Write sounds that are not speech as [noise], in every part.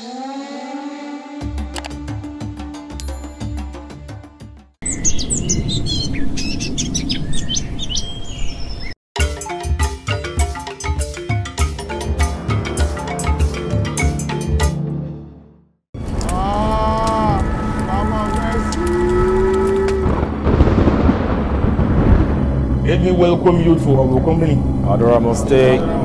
Let me welcome you to our company. Adora must stay.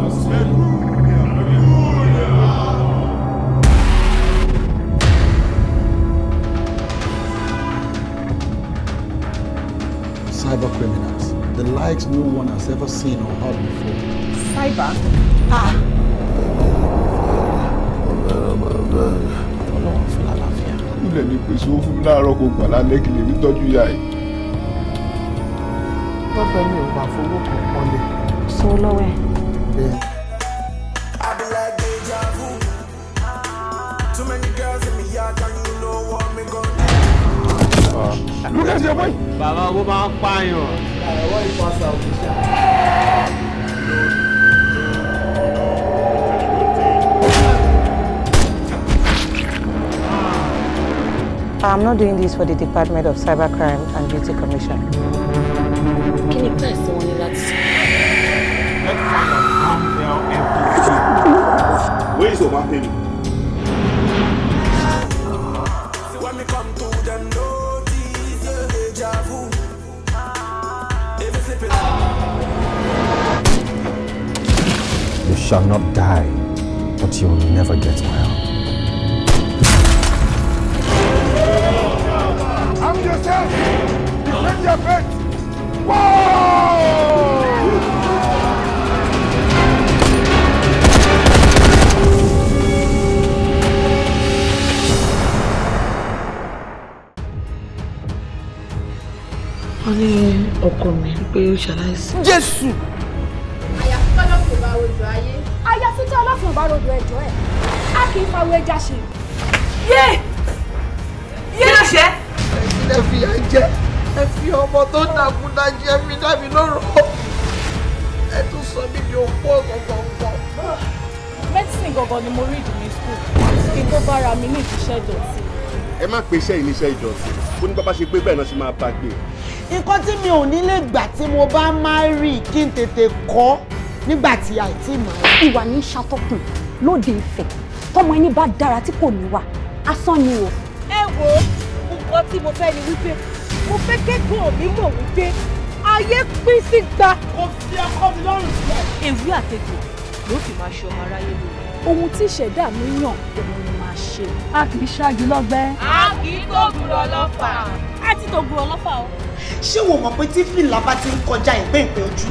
likes no one has ever seen or heard before. Cyber? Ah! Ọlọ́run pèsè owó fún mi láàárọ̀ kò gbà lálẹ́ kí lè rí tọ́jú ìyá yìí. Lọ́pẹ́ mi ò gbà fowó kan pọ́nlẹ̀. Sọ lọ́wọ́ ẹ̀. Bẹ́ẹ̀. Too many Look at your boy. Bàbá owó máa ń pààyàn. why you pass out? I'm not doing this for the Department of Cybercrime and Duty Commission. Can you press the one in that? Where is your one penny? shall not die, but you will never get well. Arm yourself! Defend your bed! wọ́n ní ọkọ mi pé ó ṣaláìsí. Jésù. rodò ẹjọ́ ẹ̀ á kì í fáwọ́ ẹja ṣe. yé yé àṣẹ. ẹ̀yin lè fi yà jẹ ẹ fi ọmọ tó dàkúdà jẹ mi dàbí lọ́rọ̀ ẹ tún sọ mí di òkú ọ̀gọ̀gọ̀gọ̀. mẹ́tísìn gọ̀gọ̀ ni mo rí ìdí ní skul kí n tó bára mi ní ìṣiṣẹ́ ìdọ̀tí. ẹ má pe iṣẹ́ ìníṣẹ́ ìdọ̀tí ó ní bá bá ṣe pé bẹ́ẹ̀ náà ṣe máa bá gbé. nǹkan tí mi ò ní lè gbà tí mo bá máa rí kí n tètè kọ́ nígbà tí àìtí màá. ìwà ní ṣàtọkùn lóde ìfẹ́ tọmọ ẹni bá dára tí kò ní wà asán ni o. ẹ wo nǹkan tí mo fẹ́ ni wípé mo fẹ́ kẹ́kọ̀ọ́ mi mọ̀ wípé ayé pín sí gba. kò fi ọkọ mi lọ́rùn sílẹ̀. èwe àtẹ̀tẹ̀ ló fi máa ṣe ọmọ aráyé lóore. ohun tí ìṣẹ̀dá mi yàn òun ni màá ṣe. a kì í ṣáájú lọ́gbẹ́. a kì í tóògùn ọlọ́fà. a ti tóògùn ọlọ́fà o. ṣé wo mọ̀ pé tí fìlà bá ti ń kọjá ìpéǹpé ojú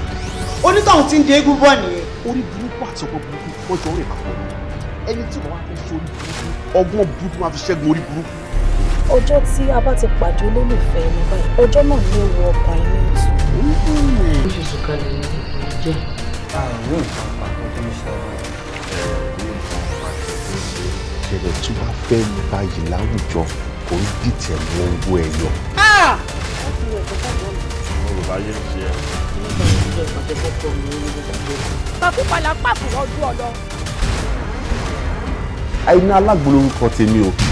onítọ̀hún ti ń di eégún bọ̀ nìyẹn. orí burúkú àti ọkọ burúkú ọjọ́ rẹ̀ máa pọ̀ ẹni tí wọ́n wá fẹ́ sórí burúkú ọgbọ́n burúkú máa fi ṣẹ́gun orí burúkú. ọjọ́ tí a bá ti pàdé olólùfẹ́ ẹni báyìí ọjọ́ náà ni ó wọ ọkàn ẹni tù. ó ṣe sùkàlẹ̀ jẹ́. àrùn ìfàpá tó ń ṣe ìṣẹ̀lẹ̀ tó bá fẹ́ ní báyìí láwùjọ kò ń dìtẹ̀ mọ́ owó ẹyọ. Yorùbá yé ń ṣe ẹ àìní alágbo lórúkọ tèmi o.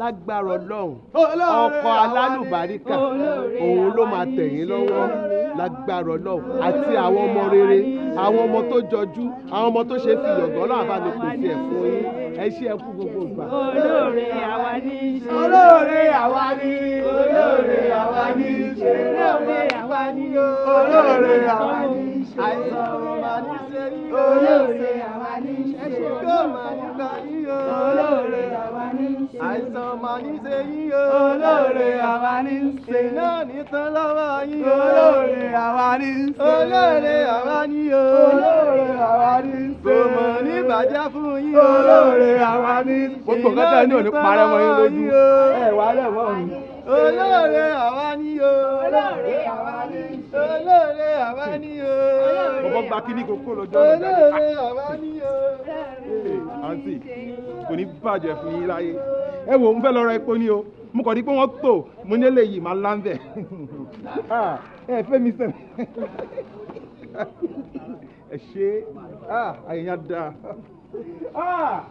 lágbára ọlọ́run ọkọ̀ alálùbáríkà òun ló máa tẹ̀ yín lọ́wọ́ lágbára ọlọ́run àti àwọn ọmọ rere àwọn ọmọ tó jọjú àwọn ọmọ tó ṣe fi yọ̀gọ́ náà bá mi pèsè ẹ̀ fún yín ẹ ṣé ẹ kú gbogbo ìgbà. olóore àwa ní í ṣe. olóore àwa ní í ṣe. olóore àwa ní í ṣe. olóore àwa ní í ṣe. olóore àwa ní í ṣe àìsàn ọ̀rọ̀ máa ní sẹ́rí olóore àwa ní ṣe ẹ̀ṣẹ̀ máa ní gbà yí o olóore àwa ní ṣe àìsàn máa ní sẹ́rí o olóore àwa ní ṣe náà ní tán lọ́wọ́ yín o olóore àwa ní ṣe olóore àwa ní o olóore àwa ní ṣe kò mọ̀ ní bàjẹ́ fún yín o ẹ̀ wá wọ́n mi olóore àwa ni o olóore àwa ni olóore àwa ni o ọmọ gba kíní kókó lọ́jọ́ náà olóore àwa ni o. àǹtí kò ní bàjẹ́ fún yín láyé ẹ wò ń fẹ́ lọ ra epo ni o mo kàn ní pé wọ́n tò mo ní eléyìí máa lá ń bẹ̀ [laughs] ah, ẹ fẹ́ mi sẹ́n [laughs] ẹ ṣe ah, àyìnyá dáa. [laughs] Ah,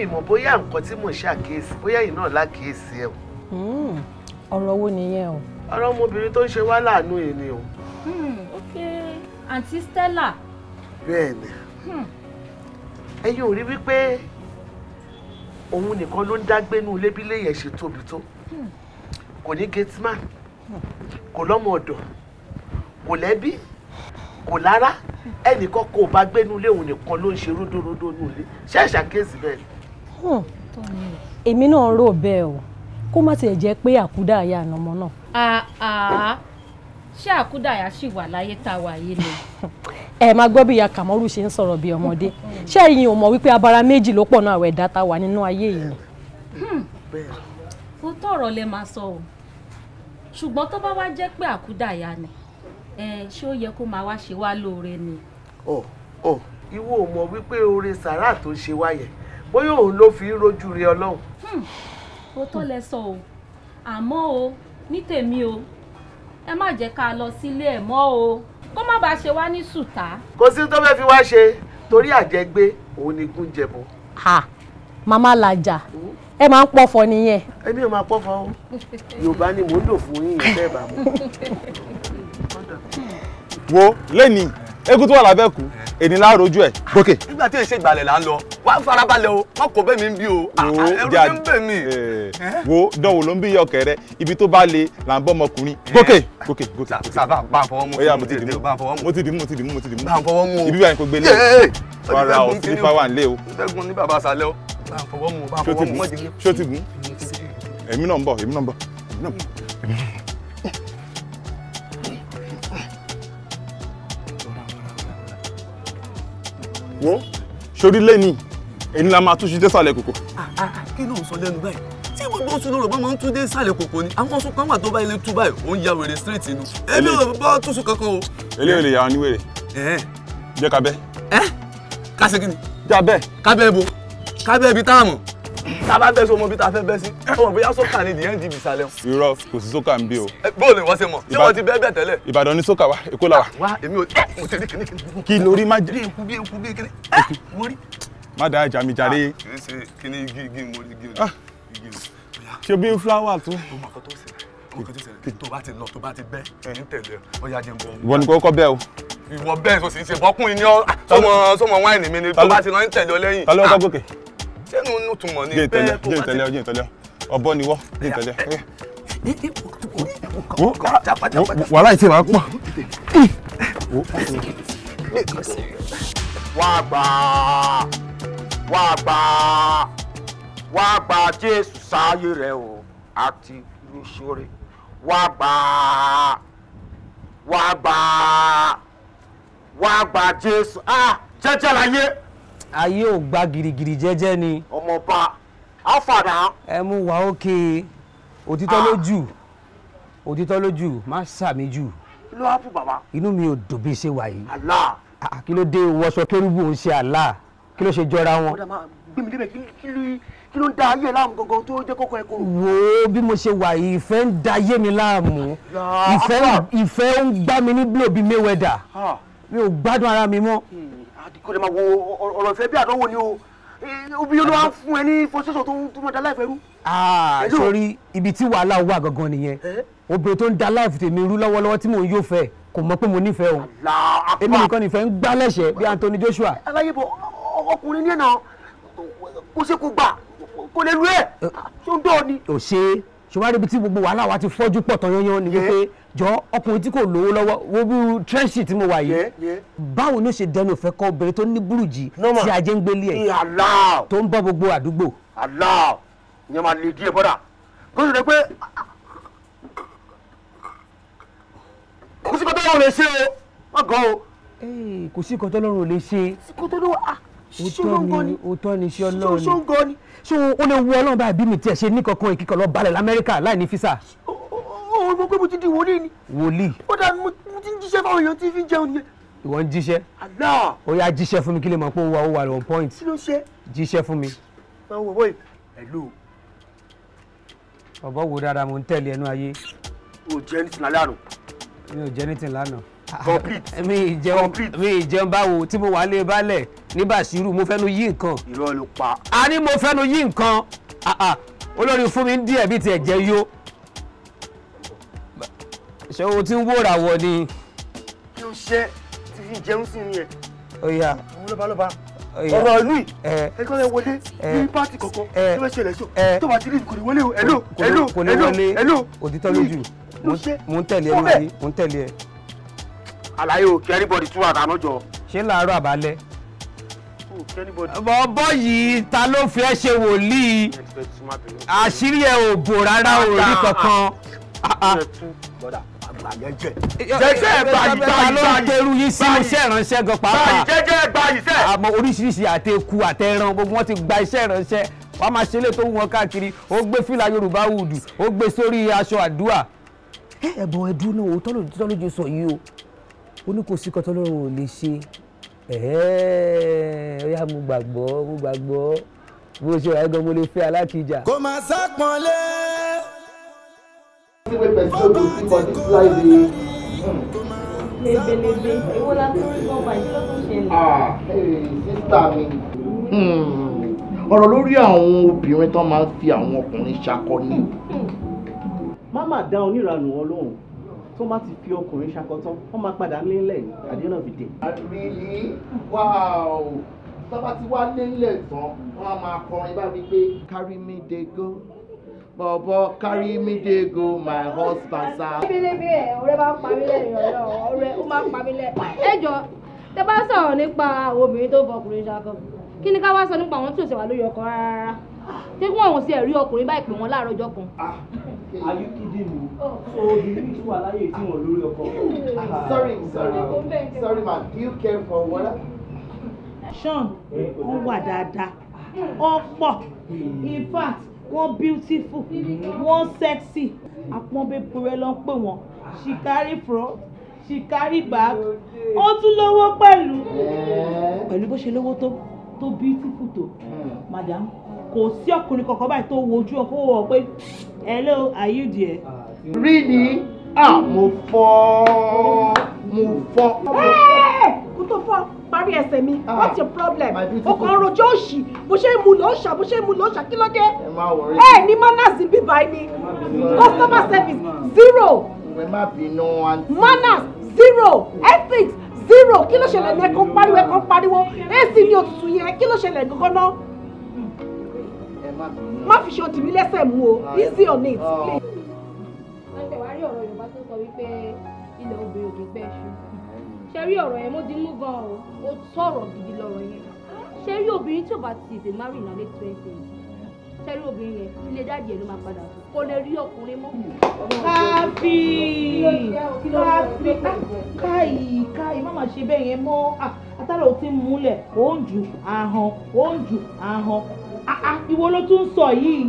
mi mọ̀ bóyá nǹkan tí mò ń ṣàkíyèsí bóyá yìí náà lákíyèsí ẹ̀ o. Hmm, ọ̀rọ̀ wo nìyẹn o. ọ̀rọ̀ ọmọbìnrin tó ń ṣe wá láàánú yìí ni o. Hmm, ok àǹtí Stella. bẹ́ẹ̀ni hmm. ẹ̀yin ò rí wípé òun nìkan ló ń dágbénú ilé bí léyìn ṣe tóbi tó kò ní gateman kò lọ́mọ ọ̀dọ̀ kò lẹ́bí kò lára ẹnìkan kò bá gbénú ilé òun nìkan ló ń ṣe ródóródó nù ilé ṣẹ́ṣà kéèsì bẹ́ẹ̀ èmi náà rò bẹ́ẹ̀ o kó má tiẹ̀ jẹ́ pé àkúdàáyà ànàmọ́ náà. àà ṣé àkúdàáyà ṣì wà láyé tá a wà yìí ni. ẹ máa gbọ́ bí ìyá kàmọ́rù ṣe ń sọ̀rọ̀ bí ọmọdé ṣé ẹ̀yin ò mọ̀ wípé abara méjì ló pọ̀ àwọn ẹ̀dá tá wà nínú ayé yìí ni. Hmm, tọrọ lè máa sọ o ṣùgbọ́n tó bá wá jẹ́ pé ni ṣé ó yẹ kó máa wá ṣe wá lóore ni. bóyá òun ló fi rojú rí ọlọ́run. Hmm, ó tó lẹ sọ o àmọ́ o ní tèmi o ẹ má jẹ́ ká lọ sílé ẹ̀ mọ́ o kó má bàa ṣe wá ní sùtá. kò sí tó fẹ́ fi wá ṣe torí àjẹgbé òun ni gún jẹbọ. màmá làjà ẹ máa ń pọ̀fọ̀ nìyẹn. èmi ò máa pọ̀fọ̀ o yorùbá ni mò ń lò fún yín ìfẹ́ ìbámu. wo lẹ́nìí eégún tó wà lábẹ́kú eh. èdè ńlá rojú ẹ̀. gòkè. nígbà tí èsè ìgbàlẹ̀ là ń lọ wá farabalẹ̀ o má kò bẹ́ẹ̀ mi bí o ah, ah, ẹrú ló ń bẹ̀ mí. Eh, eh? wo dánwò ló ń bí iye ọkẹ rẹ ibi tó bá le là ń bọ́ ọmọkùnrin. gòkè gòkè gòkè. sábà bá fọwọ́ mú mo ti dìmú mo ti dìmú mo ti dìmú mo ti dìmú. bá ń fọwọ́ mú o. ibi báyìí kò gbélé o. o sífà wà ń lé o. ìfẹ́gun ní bàbá sálẹ̀ o. bá ń fọwọ́ mú o bá ń fọwọ́ mú o. ṣó ti wo sórí lẹ́ni èyí la máa túnṣe désàlẹ̀ kòkò. kí ló ń sọ lẹ́nu báyìí tí gbogbo oṣù lọ́rọ̀ bá máa ń tún désàlẹ̀ kòkò ni àwọn oṣù kan wà tó bá ilé tú báyìí ó ń ya wèrè straight inú. èmi ò bá túnṣu kankan o. eléyìí lè yà wọn ní wèrè. jẹ́ ká bẹ́. ẹ ká ṣe kí ni. jábẹ́. ká bẹ́ bo ká bẹ́ ibi táwọn tá a bá bẹ́ sí ta fẹ́ bẹ́ sí ọmọ bóyá sọ́kà ni dìé ń di irọ́ kò sí sọ́kà ń bí o. bóò wọ́n ṣe mọ̀ ṣé wọ́n ti bẹ́ẹ̀ bẹ́ẹ̀ tẹ́lẹ̀. Ìbàdàn ni sọ́kà wa Èkó la wa. wa èmi ò mo tẹ̀lé kìnní kìnní. kí lórí má jẹ. bí eku bí eku bí kìnní. ẹ mo rí. má da ajá mi jàre. Ah, kì í ṣe kìnní igi igi mo rí igi o. ṣe o mọ̀ kó tó tó ìwọ bẹ́ẹ̀ sọ sì ṣe bọ́kùnrin ni ọ sọmọ wáìnì mi ni tó bá ti lọ ń tẹ̀lé ọ lẹ́yìn. ta ló kọ́ ah. gòkè sẹ́nu inú túmọ̀ ní pé kò bá tẹ̀lé ọjọ́ ìtẹ̀lé ọbọ̀ ni wọ́ jẹ́ ìtẹ̀lé wàhálà ìtì máa pọ̀ wá gbà wá gbà wá gbà Jésù sáyé rẹ o àti lóṣòrè wá gbà wá gbà wá gbà Jésù ah jẹ́jẹ́ ayé ò gba girigiri jẹ́jẹ́ ni. ọmọ ọba á fàdà. ẹ mú wa ókè òtítọ́ lójú ah. òtítọ́ lójú má sàmì jù. ló wá fún bàbá. inú mi ò dùn bí ṣe wà yìí. àlá. Ah, kí ló dé wọṣọ kérúbù ń ṣe àlá kí ló ṣe jọra wọn. ọ̀dà máa gbé mi débẹ̀ kí ló ń da ayé láàmú gangan tó jẹ́ kókó ẹ̀kọ́. wo bí mo ṣe wà yìí ìfẹ́ ń da ayé mi láàmú ìfẹ́ ń gbá mi ní blow bíi Mayweather ah. mi ò gbádùn ara mi mọ́. Hmm kò lè máa wo ọ̀rọ̀ ìfẹ́ bí àdánwò ni o obi yóò wá fún ẹ ní fọsẹsọ tó tó máa da láìfẹ rú. Ah, sórí ibi tí wàhálà wà gangan nìyẹn obìnrin tó ń da láìfẹ tèmi rú lọ́wọ́lọ́wọ́ tí mò ń yóò fẹ́ kò mọ̀ pé mo nífẹ̀ẹ́ o èmi nìkan nìfẹ́ ń gbá lẹ́sẹ̀ bí Anthony Joshua. aláyé bọ ọkùnrin ní ẹ̀nà kó ṣe kó gbà kó lè lu ẹ̀ ṣó ń dọ̀ ni. ò ṣe ṣùgbọ́n ibi tí gbogbo wàhálà wa ti fọ́jú pọ̀ tán yányán ni wípé jọ ọkùnrin tí kò lówó lọ́wọ́ wo bí trenchie tí mo wà yìí báwo ló ṣe dẹnu ìfẹ́ kọ́ obìnrin tó ní burújí tí ajé ń gbélé ẹ̀ tó ń bọ́ gbogbo àdúgbò. aláà ìyẹn máa lè díẹ̀ bọ́dà kó sì rẹ pé kò sí kọ́tọ́ lọ́rùn lè ṣe o má gan o. kò sí kọ́tọ́ lọ́rùn lè ṣe. kọ́tọ́ lọ́rùn a ṣóńgọ́ ni òótọ́ ni ṣé ọlọ́run ni ṣóńgọ́ ni. ṣé o lè wọ ọlọ́run báyìí bí mi tiẹ̀ ṣe ní kankan ìkíkọ̀ lọ balẹ̀ lamẹ́ríkà láì ní físà ò mọ̀ pé mo ti di wòlíì ni. wòlíì. ó dà mo ti ń jíṣẹ́ fáwọn èèyàn tí fi jẹun nìyẹn. ìwọ ń jíṣẹ́. àlá. ó yá jíṣẹ́ fún mi kí lè mọ̀ pé ó wà ó wà lọ́n point. kí ló ṣe. jíṣẹ́ fún mi. máa wọ̀ bọ́yì. hello. bàbá wo dáadáa mo ń tẹ̀lé ẹnu ayé. o jẹ́ anything lánàá. mi ò jẹ́ anything lánàá. complete. [laughs] mi ìjẹun mi ìjẹun báwo tí mo wà lé e balẹ̀ ní Bàṣírù mo fẹ́nu yí nǹkan. irọ́ pa. a ní mo fẹ́nu yí nǹkan ah, ah. olórí fún mi díẹ̀ bíi tiẹ̀ jẹ́ yó ṣé o ti ń wòrà wọ ni. kí o ṣe ti fi jẹun sí ni ẹ. ó yá. àwọn lọ́ba lọ́ba ọ̀rọ̀ ìlú yìí ẹgbẹ́ rẹ wọlé ní pátì kọ̀ọ̀kan tó bẹ́ ṣẹlẹ̀ sọ tó bá ti rí kò ní wọlé o ẹ̀lò ẹ̀lò ẹ̀lò ẹ̀lò òtítọ́ lójú mo ń tẹ̀lé ẹ lórí mo ń tẹ̀lé ẹ. àlàyé o kí anybody tún àdánù jọ. ṣé láàárọ̀ àbálẹ̀. bọ́bọ́ yìí ta ló fi ẹ́ ṣe wòlíì àṣírí ẹ ò bò rárá o rí kankan yẹn jẹ. jẹjẹ báyìí báyìí àtẹrù yìí sí iṣẹ́ ìránṣẹ́ gan pàápàá. báyìí jẹjẹ báyìí sẹ́. àmọ́ oríṣiríṣi àtẹkù àtẹran gbogbo wọn ti gba iṣẹ́ ìránṣẹ́ wọ́n á máa ṣe lé tó wọn káàkiri ó gbé fìlà yorùbá wùdù ó gbé sórí aṣọ àdúrà. ẹ̀bùn ẹ̀dùn náà òótọ́ sọ yìí o ó ní kò sí kọ́tọ́ lọ́rùn ò lè ṣe ó yá mo gbàgbọ́ mo gbàgbọ́ bó ṣe wà á gan mo lè fẹ́ alákìjà. kò máa sápọ́nlé tí wey person no go fit multiply the. lebelebe hmm. èwo la fi sí nọ́mbà yìí ló tún ṣẹlẹ̀. Ah, sísá mi. Hmm. ọ̀rọ̀ lórí àwọn obìnrin tó máa ń fi àwọn ọkùnrin ṣakọ ni. má má dá oníranù wọn lóhùn tó má ti fi ọkùnrin ṣakọ tán wọ́n máa padà ní ilẹ̀ ní àdéhùn fìdí. àdìrí wáò tọ́ba ti wá lé tán wọ́n á máa kọrin bá mi pé. carry me dey go. Bobo, carry me, dey go, my husband, sir. Bíbélébí ẹ̀ ọ̀rẹ́ bá pa mí lẹ́yìn ọ̀rẹ́ ọ̀rẹ́ ó máa pa mí lẹ́. Ẹ jọ, tẹ bá sọ̀rọ̀ nípa àwọn obìnrin tó bọ ọkùnrin ṣakọ. Kí ni ká wá sọ nípa àwọn tí ò ṣẹ̀wá lórí ọkọ rárá? Ṣé kí wọ́n òun sí ẹ̀rí ọkùnrin báyìí pè wọ́n láàárọ̀ ọjọ́ kan? Ah, are you kidding me? So obìnrin tí wà láyè tí wọ́n lórí ọkọ. [laughs] Ah, sorry, sorry, sorry ma, do you care for water? Sean, eh, ó wà dáadáa, ó pọ̀, in fact, wọ́n beautiful wọ́n sexy àpọ́nbẹ́pọ̀rẹ́ ló ń pè wọ́n she carry front she carry back ó tún lówó pẹ̀lú pẹ̀lú bó ṣe lówó tó tó beautiful tó madam kò sí ọkùnrin kankan báyìí tó wo ojú ọkọ wọ pé hello are you there. rí ni ah mo fọ́ mo fọ́ tó fọ́ parí ẹsẹ̀ mi ah, what's your problem o kàn rojọ́ òṣì bó ṣe ń mu ló ṣà bó ṣe ń ló ṣà kí ló dé ẹ ní manners bíbá ẹni customer service zero manners zero ethics zero kí ló ṣẹlẹ̀ ní ẹ̀kan pariwo ẹ̀kan pariwo èsì ni òtútù yẹn kí ló ṣẹlẹ̀ gangan náà má fi ṣe òtì mi lẹ́sẹ̀ mú o ah, easy on it ah. please. ọ̀rọ̀ Yorùbá tó sọ wípé ilẹ̀ obìnrin ò kì pẹ́ ṣu ṣe rí ọ̀rọ̀ yẹn mo di mú gan o ó sọ̀rọ̀ gidi lọ́rọ̀ yẹn ṣe rí obìnrin tí ò bá ti tètè márì náà lé twenty ṣe rí obìnrin yẹn ilé dáàdì ẹ̀ ló máa padà sùn kó lè rí ọkùnrin mọ́. káfí káfí káyì káyì má má ṣe bẹ́ẹ̀ yẹn mọ́ ah, àtàrà ò ti múlẹ̀ ó ahọ́n ó ahọ́n ah, ah, ìwo ló tún sọ yìí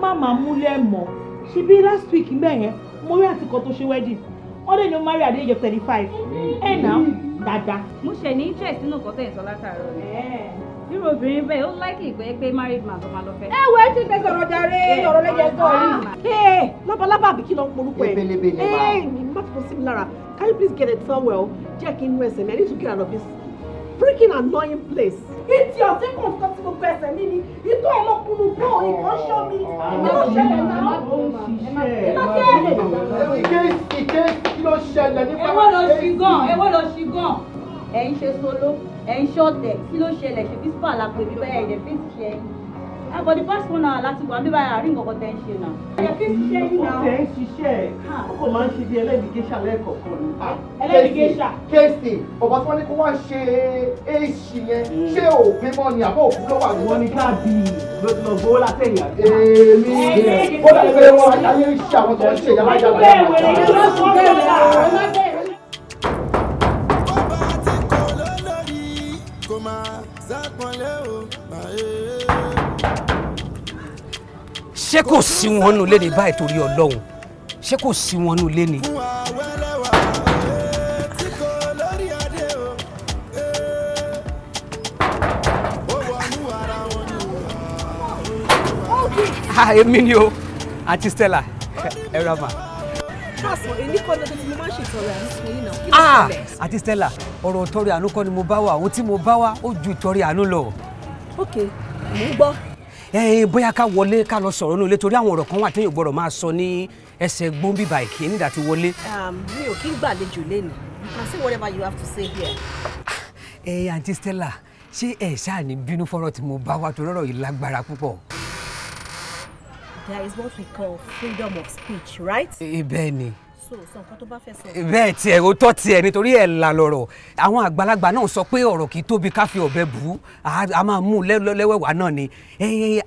má má múlẹ̀ mọ́ ṣebí last week mbẹ́ yẹn mo rí àtìkọ́ tó ṣe wedding wọ́n lè ní marry at the age of thirty five mm. ẹ̀ náà Dada. mo ṣe ní interest nínú nǹkan tẹ̀ ń sọ látàárọ̀ rẹ̀ irú obìnrin bẹ́ẹ̀ ó láìkì pé pé married man tó máa lọ fẹ́. ẹ wo ẹ ti tẹsán ọ̀rọ̀ jàre ah. ọ̀rọ̀ lẹ́yẹ sọ yìí. ee lọ́balọ́ba àbí kí ló ń porúkọ ẹ̀. ebelebe ni wa. ee má fi kó sí mi lára can you please get it somewhere jẹ́ kí n nu ẹsẹ̀ mi I need to get out of this freaking annoying place. Ìtì ọ̀tí kan tó ti gbogbo ẹsẹ̀ mi ni ìtọ́ ọlọ́kùnrin bọ́ọ̀ nǹkan ṣọ́ mi ni ó ṣẹlẹ̀ náà. Ìké ìké kí ló ṣẹlẹ̀ nípa. Èwo ló ṣì gan? Èwo ló ṣì gan? Ẹ̀ ń ṣe solo, ẹ̀ ń ṣọ̀tẹ̀, kí ló ṣẹlẹ̀ ṣe fífà làpò ìbí bẹ́ẹ̀ ẹ̀jẹ̀ fèsì ṣe ẹ̀yìn ẹ ah, bọ̀ the past one hour láti wà bíbá àárín nǹkan tẹ́ ń ṣe náà. ẹ fi ṣiṣẹ́ yín náà. ọkọ tẹ ń ṣiṣẹ́ ọkọ ah. máa ń ṣe bí ẹlẹ́dìgéṣà lẹ́ẹ̀kọ̀ọ̀kan ni. Ah, ẹlẹ́dìgéṣà. kéèsì bàbá tí wọ́n ní kó wá ṣe èsì yẹn mm. ṣé òpin mọ́ ni àbọ̀ òkú ló wà ní. wọ́n ní káàbì lọ́gbọ́n látẹ̀yìn àti. èmi ó dàbí pé wọ́n ayé ń ṣe àwọn tó ń ṣe ìyá Kò máa sápọ̀lẹ́ o, máa yé ṣé kò sí wọn nù lé ní báyìí torí ọlọ́run ṣé kò sí wọn nù lé ní. èmi ni o àti Stella ẹ ra ma. àti ah, Stella ọ̀rọ̀ ìtọrẹ àánú kọ́ ni mo bá wà ohun tí mo bá wà ó ju ìtọrẹ àánú lọ. ok mo ń gbọ́ bóyá ká wọlé ká lọ sọ̀rọ̀ nílé torí àwọn ọ̀rọ̀ kan wà téèyàn gbọ́dọ̀ máa sọ ní ẹsẹ̀ gbóǹbì báyìí kí nígbà tí wọlé. Um, mi ò kí ń gbàlejò lẹ́nu you can say whatever you have to say here. ẹ ah, àǹtí eh, Stella ṣé ẹ ṣáà ní bínú fọ́rọ̀ tí mo bá wa torí ọ̀rọ̀ yìí lágbára púpọ̀. there is what we call freedom of speech right. Eh, bẹ́ẹ̀ ni sọ nǹkan bẹ́ẹ̀ tiẹ̀ o tọ́ tiẹ̀ nítorí ẹ̀ là lọ̀rọ̀ àwọn àgbàlagbà náà sọ pé ọ̀rọ̀ kì í tóbi ká fi ọ̀bẹ bù ú a máa mú un lẹ́wẹ̀wá náà ni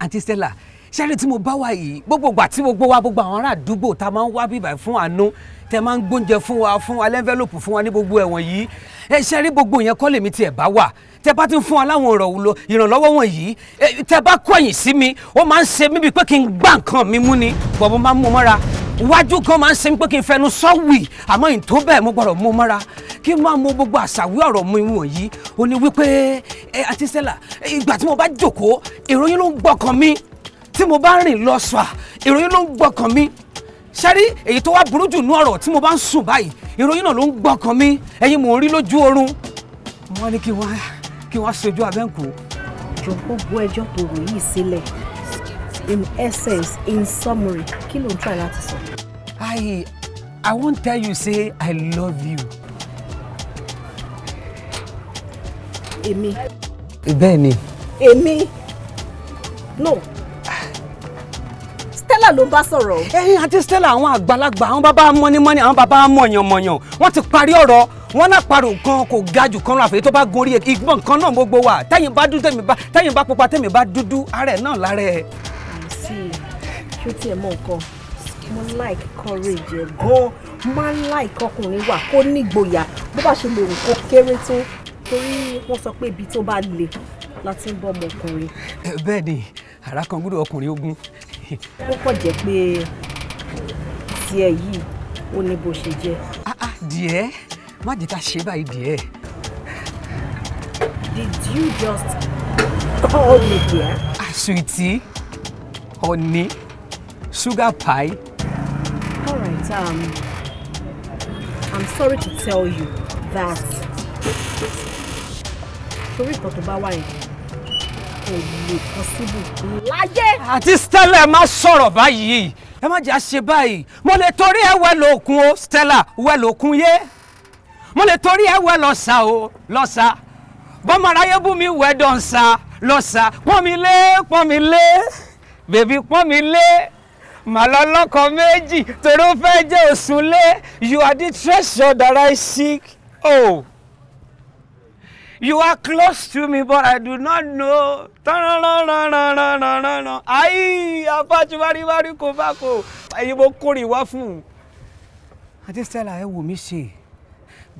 àǹtí Stella ṣẹ́rí tí mo bá wà yìí gbogbo ìgbà tí gbogbo wa gbogbo àwọn ará àdúgbò tá a máa ń wá bíbà fún àánú tẹ máa ń gbóúnjẹ fún wa fún wa lẹ́ńfẹ́lòpù fún wa ní gbogbo ẹ̀wọ̀n yìí ẹ ṣẹ́rí gbogbo yẹn kọ́ lèmi tiẹ̀ bá wà tẹ bá ti ń fún wa láwọn ìrọ̀wùlọ ìrànlọ́wọ́ wọn yìí tẹ bá kọ́ ẹ̀yìn sí mi ó máa ń ṣe mí bíi pé kí n gbá nǹkan mi mú ni bọ̀bọ̀ máa ń mú mọ́ra iwájú kan máa ń ṣe mí pé kí n fẹnu sọ́wì àmọ́ ìyìn tó bẹ́ẹ̀ mo gbọ́dọ̀ mú mọ́ra kí n máa mú gbogbo àṣàwí ọ̀rọ̀ mu wọ̀nyí ó ní wípé ẹ ìgbà tí mo bá jókòó ìròyìn ló ń gbọ́kàn mi tí mo bá rìn lọ sọ à ìròyìn ló ń gbọkàn mi ṣẹ́rí èyí tó wá burú jù nú ọ̀rọ̀ tí mo bá ń sùn báyìí ìròyìn náà ló ń gbọkàn mi ẹ̀yin mò ń rí lójú oorun mo ní kí wọ́n kí wọ́n ṣojú abẹ́ǹkù. jọ̀wọ́ gbọ́ ẹjọ́ tó rò yìí sílẹ̀ in essence in summary kí ló ń try láti sọ. I I wan tell you say I love you. èmi. bẹ́ẹ̀ ni. èmi no Stella ló ń bá sọ̀rọ̀. ẹyin àti Stella àwọn àgbàlagbà àwọn bàbá mọ́nímọ́ní àwọn bàbá mọ̀yànmọ̀yàn wọ́n ti parí ọ̀rọ̀ wọn náà parò gan kò ga jù kan láàfẹ́ tó bá gun ẹ̀ ìgbọ́n nǹkan náà gbogbo wa tẹ́yìn bá dúdú tẹ́yìn bá tẹ́yìn bá pupa tẹ́yìn bá dúdú ara ẹ̀ náà lára ẹ̀. mo like courage ẹ̀ gan máa ń like ọkùnrin wa kó nígboyà bó bá ṣe lè rò kó kéré tó torí wọ́n sọ pé láti ń bọ́ ọmọkùnrin. Eh, bẹ́ẹ̀ ni ara kan gbọ́dọ̀ ọkùnrin ogun. ó kọ̀ jẹ́ pé tiẹ̀ yìí ó ní bó ṣe jẹ́. Ah, ah, díẹ̀ má jẹ́ ká ṣe báyìí díẹ̀. did you just oh, oh. call me dear? Ah, sweetie honey sugar pie. all right um, i'm sorry to tell you that torí ìtàn tó bá wà kò láyé. àti Stella má sọ̀rọ̀ báyìí ẹ má jẹ́ àṣe báyìí mo lè torí ẹ wẹ lóòkun o Stella wẹ lóòkun yé mo lè torí ẹ wẹ lọ́sà o lọ́sà bọ́mọ̀ráyé bú mi wẹ́ dọ̀nsà lọ́sà pọ́n mi lé pọ́n mi lé bèbí pọ́n mi lé màá lọ méjì torí ó fẹ́ jẹ́ you are the treasure that I seek. Oh. You are close to me, but I do not know. No, no, no, no, no, no, no. kò bá kò. Ẹyin mo kórè wá wafu. I just tell her, ẹ wò mí ṣe,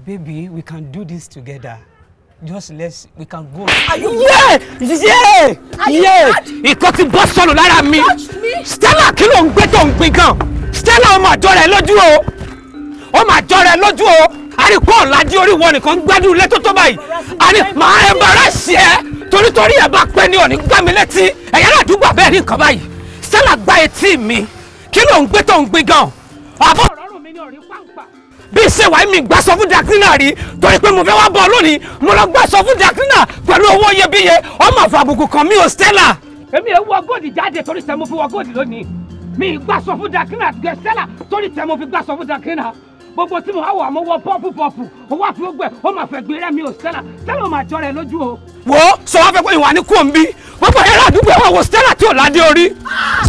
baby, we can do this together. Just let's, we can go. Are you yeah! Yeah! Are yeah! Ìkọ́ He bọ́ the lára mi. Stella kí ló ń gbé tó ń gbin gan? Stella oh my jọra I love you. Oh, my jọra I love you àríkọ́ ọ̀làjú orí wọn nìkan gbádùn lẹ́tọ́ tó báyìí àní màá ẹ bàrà sí ẹ torítorí ẹ bá pẹ́ ní ọ̀ní gbá mi létí ẹ̀yà náà dùgbà bẹ́ẹ̀ ní nǹkan báyìí sẹ́là gba etí mi kí ló ń gbé tó ń gbé gan-an àbọ̀ ọ̀rọ̀ mi ní ọ̀rí pàǹpà bí ṣe wàá mi gbà sọ fún dakrina rí torí pé mo fẹ́ wá bọ̀ lónìí mo lọ gbà sọ fún dakrina pẹ̀lú owó iyebíye ọmọ àfàbùkù kan mi ò stella. èmi èwu ọgọ́dì jáde torí tẹ́ mo fi wọ góòdì lónìí mi gbà sọ fún dakrina gẹ stella torí tẹ́ mo fi gbà sọ fún dakrina gbogbo tí mo wá wà mo wọ pọ́pù pọ́pù ó wà fún gbẹ ó máa fẹ́ gbin rẹ́ mi ò Stella Stella ò máa jọ rẹ lójú o. wo sọ wá fẹ́ pé ìwà ni kò ń bí gbogbo ẹ̀rọ àdúgbò wa wo Stella tí ò ládé orí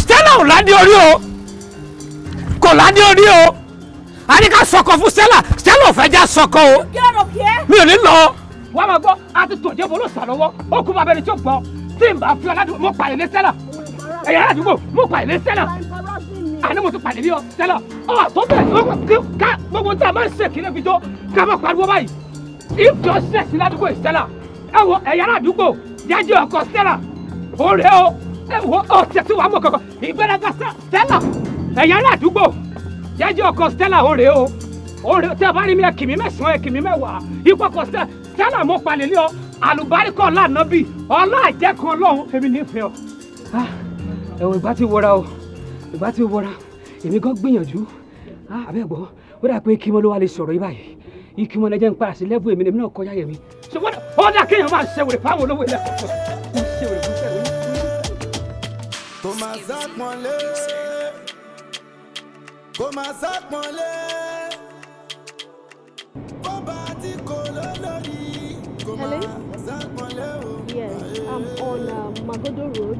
Stella ò ládé orí o kò ládé orí o a ní ká sọkọ fún Stella Stella ò fẹ́ já sọkọ o mi ò ní lọ. wàá máa gbọ́ a ti tòjé bolo sàlọ́wọ́ ó kú bàbá ẹni tó gbọ́ tí n bá fi ọ̀làdùn mo pààyàn ní Stella ẹ̀yà àdúgbò mo pààyàn ní Stella àná mo ti pàdé bí ọ tẹ́lẹ̀ ọ tó bẹ̀ ká gbogbo tí a máa ń ṣe kí lóbi tó ká máa pariwo báyìí ìfẹ́ ọ̀sẹ̀ sí ládùúgbò ìṣẹ́là ẹ wo ẹ̀yà ládùúgbò jẹ́jẹ́ ọkọ̀ Stella òré o ẹ wo ọ̀sẹ̀ tí wàá mọ̀ kankan ìgbéraga Stella ẹ̀yà ládùúgbò jẹ́jẹ́ ọkọ̀ Stella òré o òré o tẹ́ ẹ bá rí mi ẹ kì mí mẹ́sàn-án ẹ kì mí mẹ́wàá ipò ọkọ̀ Stella mo palẹ̀ lé ọ àlùbáríkọ̀ ọ̀la nàbì ọ̀la àjẹkọ̀ ọlọ́run èmi nífẹ̀ẹ́ ọ ah, ẹ wo ìgbà tí wọra o ìgbà tí mo bọ́ra èmi gan gbìyànjú àbẹ̀gbọ́ ó dà pé kí mo ló wá lè sọ̀rọ̀ yìí báyìí ikú mo lẹ́jẹ̀ ń padà sí lẹ́bù èmi náà kọjá yẹ̀mí ṣùgbọ́n ó dà kéèyàn máa ṣẹ̀wèrè fáwọn olówó ilẹ̀ kọ̀ọ̀kan kò máa sápọ̀nlé kó bá ti kò lólórí kò máa sápọ̀nlé o. Yes, I'm on uh, Magodo Road.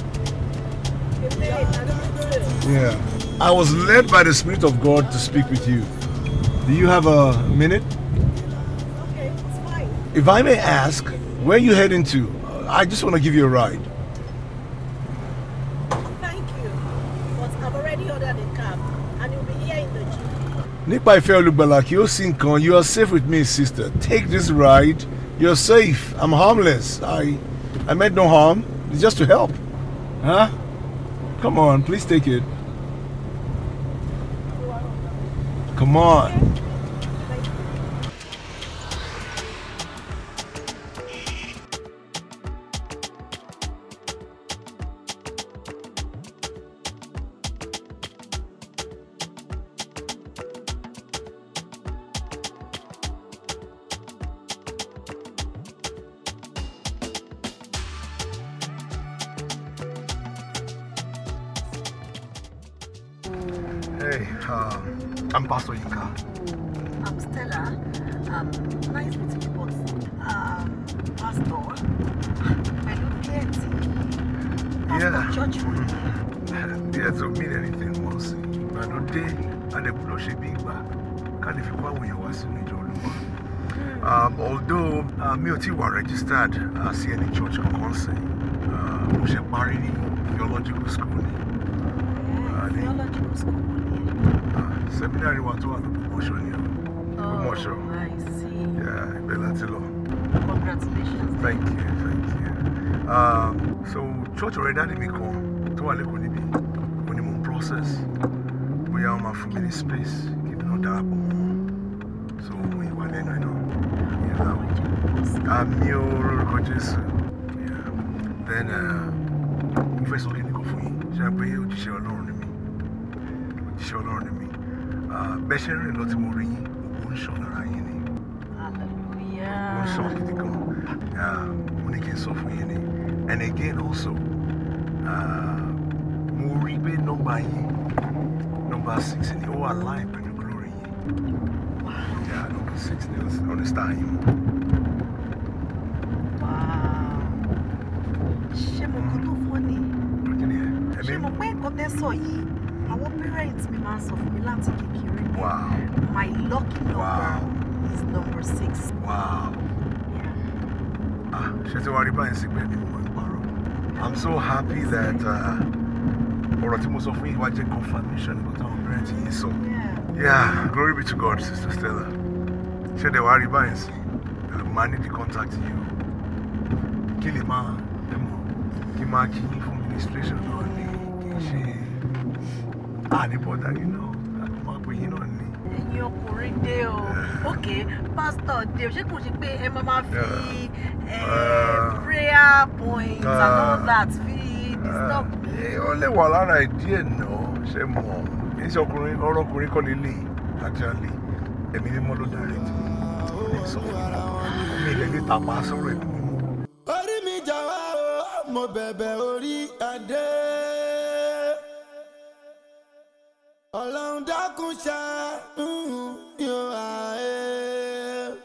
Yeah. I was led by the Spirit of God to speak with you. Do you have a minute? Okay, it's fine. If I may ask, where you heading to? I just want to give you a ride. Thank you. But I've already ordered a cab and you'll be here in the Nípa ìfẹ́ olùgbàlà kí ó you are safe with me, sister. Take this ride. You're safe. I'm harmless. I, I meant no harm. It's just to help. Huh? Come on, please take it. Come on. ṣe ń rìn lọ tí mo rí yín òun ń ṣàn lára yín ni òun ń ṣàn gidi gan ah, mo ní and again also ah, mo rí pé nọ́mbà yín nọ́mbà six ni ó wà láì pẹ̀lú glory yeah nọ́mbà six ni ọ̀nà star Wow. mo kọ́ tó fọ́ ni ṣé mo pé nǹkan tẹ́ àwọn parents mi máa ń sọ fún mi láti kékeré pé my lucky number wow. is number 6 Wow. Ah, ṣé tí wàá rí báyìí sí pé ìparọ́ i'm so happy that uh, ọ̀rọ̀ tí mo sọ fún yín wá confirmation nígbà our parents yìí sọ. yeah glory be to God sister Stella ṣé the wàá rí báyìí sí màá contact you. o kí lè máa ẹ mọ̀ kí máa kí àní bọ́dà yìí náà láti máa pè yín náà ní. ẹ̀yin ọkùnrin dé o ok pásítọ̀ dé o ṣé kò ṣe pé ẹ máa máa fi uh, prayer point and uh, all that fi disturb. Uh, ó lè wà lára ìdí ẹ̀ náà ṣe mọ̀ kì í ṣe ọkùnrin ọ̀rọ̀ ọkùnrin kọ́ lè lè àti àlè ẹ̀mí mímọ́ ló darí ti ní sọ fún mi mi lè ní tàpá sọ̀rọ̀ ẹ̀mí mímọ́. orí mi jà wá o mo bẹ̀bẹ̀ orí adé. dákun ṣàánú yóò àyè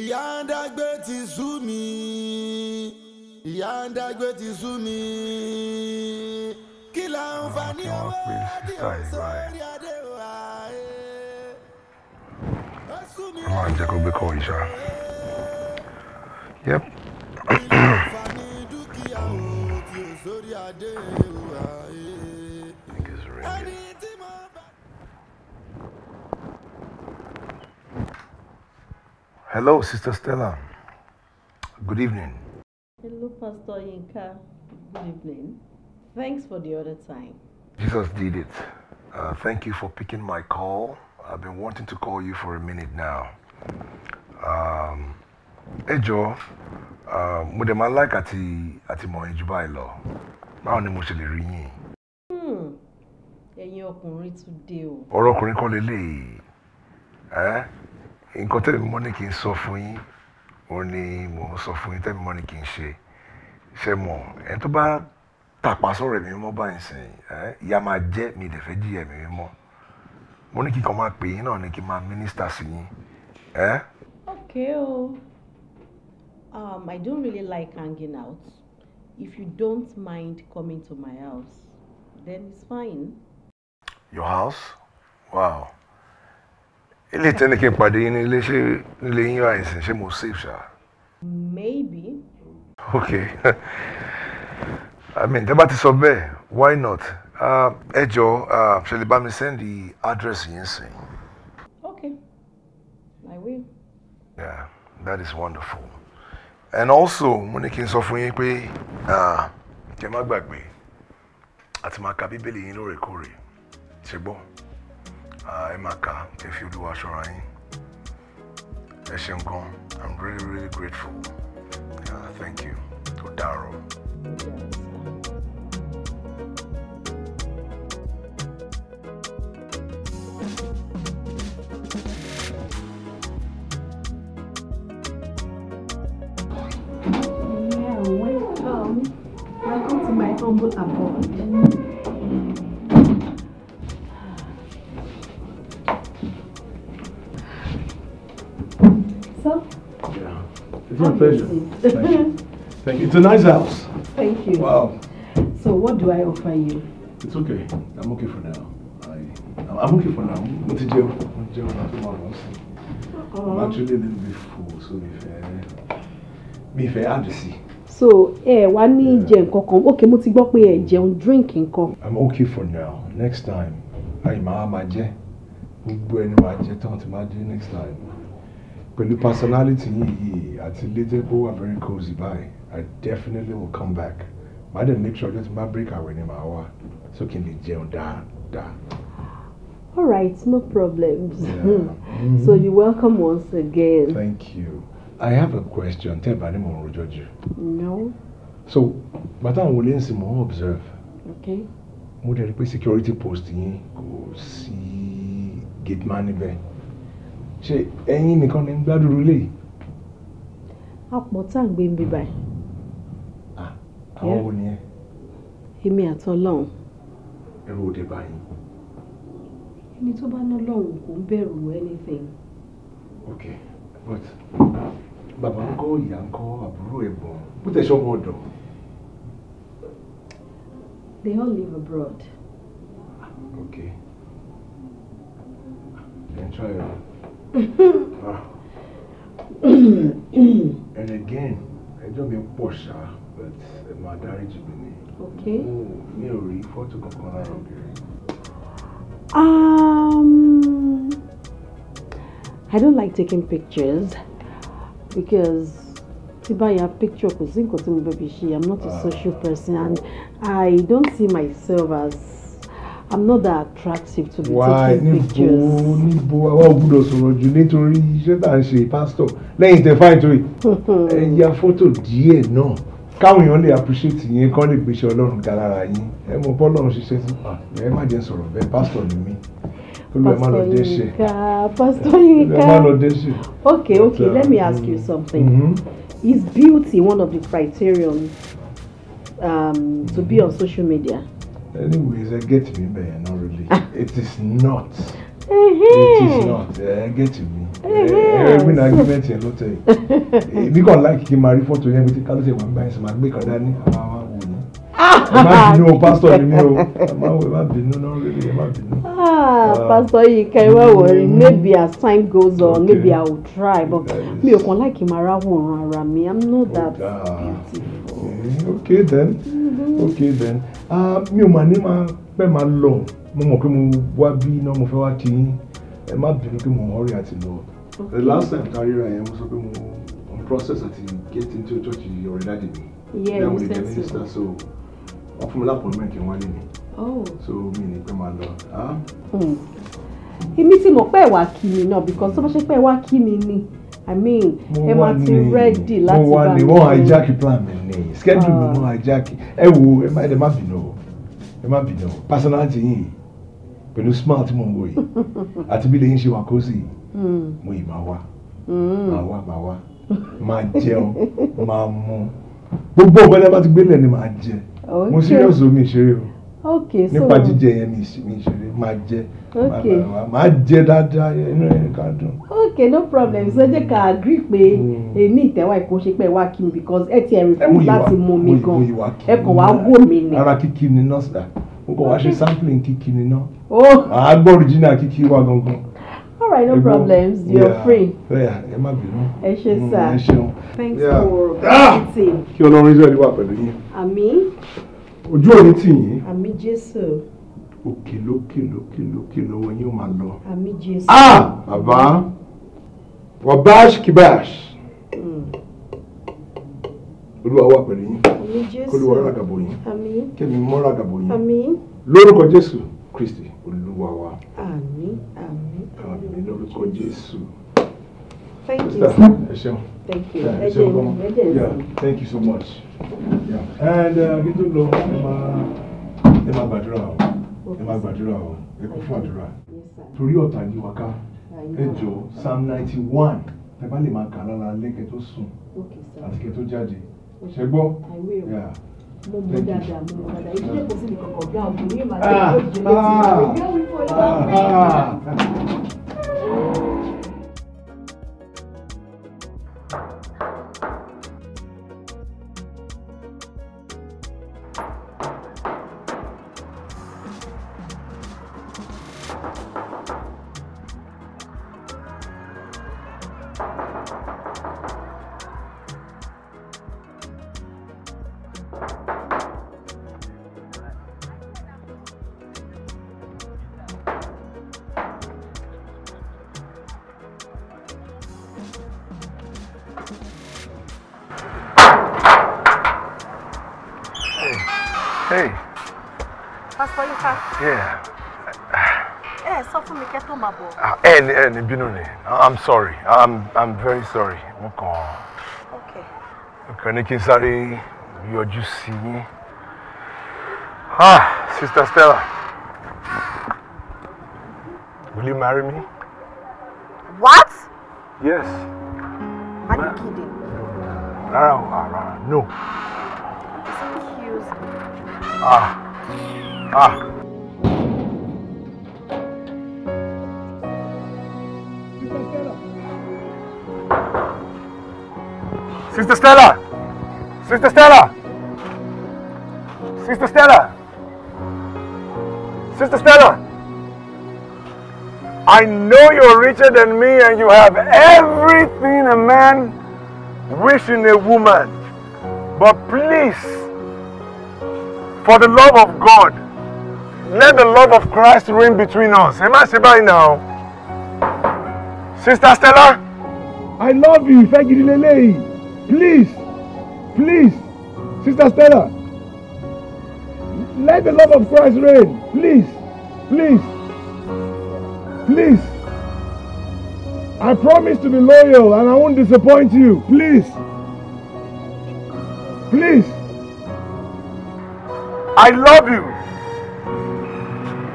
ìyá ń dágbé ti sú mi ìyá ń dágbé ti sú mi kí là ń fa ní owó adé sórí adé àyè ó sú mi lọ́wọ́. àwọn gbé kọ́ ìṣá. yep. ìlú fa ní dúkìá òkè sórí adé. Hello, Sister Stella. Good evening. Hello, Pastor Yinka. Good evening. Thanks for the other time. Jesus did it. Uh, thank you for picking my call. I've been wanting to call you for a minute now. Um, ẹ jọ̀ọ́ um, mo dẹ̀ like àti àti mọ̀ yín jù báyìí lọ mo ṣe lè rí yín. Hmm, ẹ̀yin ọkùnrin tún dé o. Oro ọkùnrin kan lélẹ̀ Eh? nǹkan tẹ́mi mọ́ ni kì í sọ fún yín òun ni mò ń sọ fún yín tẹ́mi mọ́ ni kì í ṣe ṣe mọ̀ ẹ̀ tó bá tàpá sọ̀rọ̀ ẹ̀mí mímọ́ báyìí sìn ìyá máa jẹ́ mi ìdẹ̀ fẹ́ jìyà ẹ̀mí mímọ́ mo ní kí kan máa pè yín náà ni kí n máa mínísítà sí yín. okay o um, I don't really like hanging out if you don't mind coming to my house then it's fine. your house? wow ilé ìtẹ́ni kí n pàdé yín nílé ṣé nílé yín wà ìsìn ṣé mo safe ṣá. maybe. ok [laughs] i mean tẹ́ bá ti sọ bẹ́ẹ̀ why not uh, ẹ jọ uh, ṣe lè bá mi send the address yín sìn. ok i will. yeah that is wonderful and also mo ní kí n sọ fún yín pé uh, kí ẹ má gbàgbé àti máa ka bíbélì yín lóòrèkóòrè ṣe gbọ́. Emeka, ah, máa kà kẹ fi olúwa ṣọ́ra yín ẹ ṣe nǹkan i'm really really grateful uh, thank you to Welcome to my humble abode. been a pleasure. [laughs] Thank you. It's a nice house. Thank you. Wow. So what do I offer you? It's okay. I'm okay for now. I, I'm okay for now. Mo ti jẹun. Mo ti uh-huh. I'm actually a little bit full so mi fẹ́ mi fẹ́ add sí. So eh, one ní jẹ nǹkan Okay, muti bokwe gbọ́ pé ẹ jẹun I'm okay for now. Next time, àyè máa máa jẹ́. Gbogbo ẹni máa jẹ tán ti máa next time pẹ̀lú personality yìí àti little pé wà very cozy By, I definitely will come back màá dẹ̀ make sure just my break àwẹ̀ ni màá wá so kí n lè jẹun dáadáa. all right no problems yeah. mm [laughs] -hmm. so you welcome once again. thank you I have a question Tell ẹ bá ní mò ń no. so bàtà àwọn olè ń sìn mò ń observe. okay. mo dẹ̀ rí pé security post yín kò sí gateman níbẹ̀ ṣe ẹ̀yin nìkan ni ń gbádùn ilé yìí. a pọ̀ tá à ń gbé ń bí báyìí. àwọn wo ni ẹ. èmi àti ọlọ́run. ẹrù òde báyìí. ẹni tó bá ná lọ́run kò ń bẹ̀rù anything. ok but bàbá ń kọ́ ìyá ń kọ́ àbúrò ẹ̀gbọ́n bó tẹ̀ sọ́mọ ọ̀dọ̀. they all live abroad. ok. Enjoy. Ah. and again I don't mean ṣá but ẹ máa dáríjì Okay. Oh, Mary, ò rí come kankan lára obìnrin. Um, I don't like taking pictures because tí bá ya picture I'm not a ah. social person and I don't see myself as I'm not that attractive to be Why? taking pictures. Why níbo níbo àwa ò gbúdọ̀ sọ̀rọ̀ jù nítorí iṣẹ́ tá à ń ṣe pásítọ̀ lẹ́yìn tẹ fáìn torí [laughs] ẹ ya fọ́tò díẹ̀ náà káwọn èèyàn appreciate yín kán lè gbèsè ọlọ́run ga lára yín ẹ mọ bọ́lọ̀ ń ṣiṣẹ́ sí pa ah, ẹ má jẹ́ sọ̀rọ̀ bẹ́ẹ̀ pásítọ̀ ni mí olùwẹ̀ Yinka okay okay let me um, ask you mhm. something mm -hmm. is beauty one of the criterion um, to be on social media. Anyways, I get me, man. Not really. Ah. it is not. Mm-hmm. it is not. Uh, get eh, mm-hmm. eh, me. Every argument yẹn ló tẹ̀. Èmi kàn láì kí n máa rí fọ́tò yẹn bí kálọ́ ṣe wà ń báyìí sọ máa gbé kan dání àwọn ah, àwọn wò ní. Ah. Ẹ má bínú o, pásítọ̀ ni mí o. [laughs] Ẹ má wò, ẹ má bínú náà rèé, ẹ má bínú. Pásítọ̀ yìí kẹrin mm-hmm. maybe as time goes on, okay. maybe I will try, but me, ò kàn láì kí n máa ráwòrán ara mi, I'm not oh, that beautiful okay then okay then ah, mi ò mà ní máa pẹ́ máa lọ mo mọ̀ pé mo wá bí iná mo fẹ́ wá kí yín ẹ má bínú pé mo hurry àti lọ the last time káríra yẹn mo sọ pé mo on process àti get into church ọ̀rẹ́ dáàdì mi yeah you said so minister so wọ́n fún mi lápọ̀lọ́mẹ̀kì wọn lé mi so mi ní pẹ́ máa lọ ah. hmm. èmi ti mọ̀ pé ẹ̀ wá kí mi náà because tó bá ṣe pé ẹ̀ wá kí mi ni i mean ẹ máa ti rẹ́dì láti bá mi. mo wà ní wọ́n hijack plan mi ní schedule mi wọ́n ah. hijack ẹ wo ẹ má ẹ má bínú o ẹ má bínú o personality yìí pẹ̀lú smart mo ń wò yìí [laughs] àti bí lẹ́yìn ṣe wà kó sì hmm. mo yìí máa wá hmm. máa wá máa wá máa jẹun [laughs] máa mu gbogbo ọ̀gbẹ́ni bá ti gbélé ni máa jẹ mo serious omi ìṣeré o nípa jíjẹ yẹn mi ìṣeré máa jẹ okay màá jẹ dáadáa inú ẹ ká dùn. okay no problem ṣe jẹ́ ká agree pé hmm. èmi ìtẹ̀wá ẹ̀kọ́ ṣe pé wá kí mi because ẹ ti ẹ̀rìn fún láti mú mi gan ẹ kàn wá wò mí ni. ara kíkí ni náà sà n kò wá ṣe sampling kíkí ni náà oh. màá gbọ́ original kíkí wa gangan. all right no Ego, problems you're yeah, free. Oh, ẹ má bínú ẹ mm, ṣe sá thanks yeah. for ah! visiting. kí ọlọ́run israẹli wà pẹ̀lú yín. àmín. ojú òní tì yín. àmín jésù òkè lókè lókè lókè lọ́wọ́ yín ó máa lọ. àmì jésù. ah bàbá wabash kibash hmm. olúwa wà pẹ̀lú yín kólúwa ràgàbò yín kẹ́mi mọ́ ràgàbò yín lórúkọ jésù kristi olúwa wa. àmín àmín àmín lórúkọ jésù. Thank you. Ẹ ṣeun. Thank you. Yeah, thank you so much. Yeah. And uh, kí tó lọ, ẹ máa gbàdúrà ẹ máa gbàdúrà o ẹ kún fún àdúrà torí ọ̀tá yìí wá ẹ jọ psalm ninety one ẹ bá lè máa kà lára lẹ́kẹ̀ẹ́ tó sùn àti kẹ́ tó jáde ṣẹ gbọ́ mo mọ dáadáa mo mọ dáadáa ìdílé kò sí nìkan kan gbá òkú ní ìmàlẹ́ ìjọba ìjọba ìjọba ìjọba ìjọba. I'm sorry. I'm, I'm very sorry. Okay. Okay. Nikki, sorry. you are just yọjú sí Ah, Sister Stella. Will you marry me? What? Yes. Are you kidding? Ah, no. Excuse me. Ah. Ah. Sister Stella! Sister Stella! Sister Stella! Sister Stella! I know you're richer than me and you have everything a man wishing a woman. But please, for the love of God, let the love of Christ reign between us. Am I saying now? Sister Stella? I love you, lele. Please, please, Sister Stella, let the love of Christ reign. Please, please, please. I promise to be loyal and I won't disappoint you. Please, please. I love you.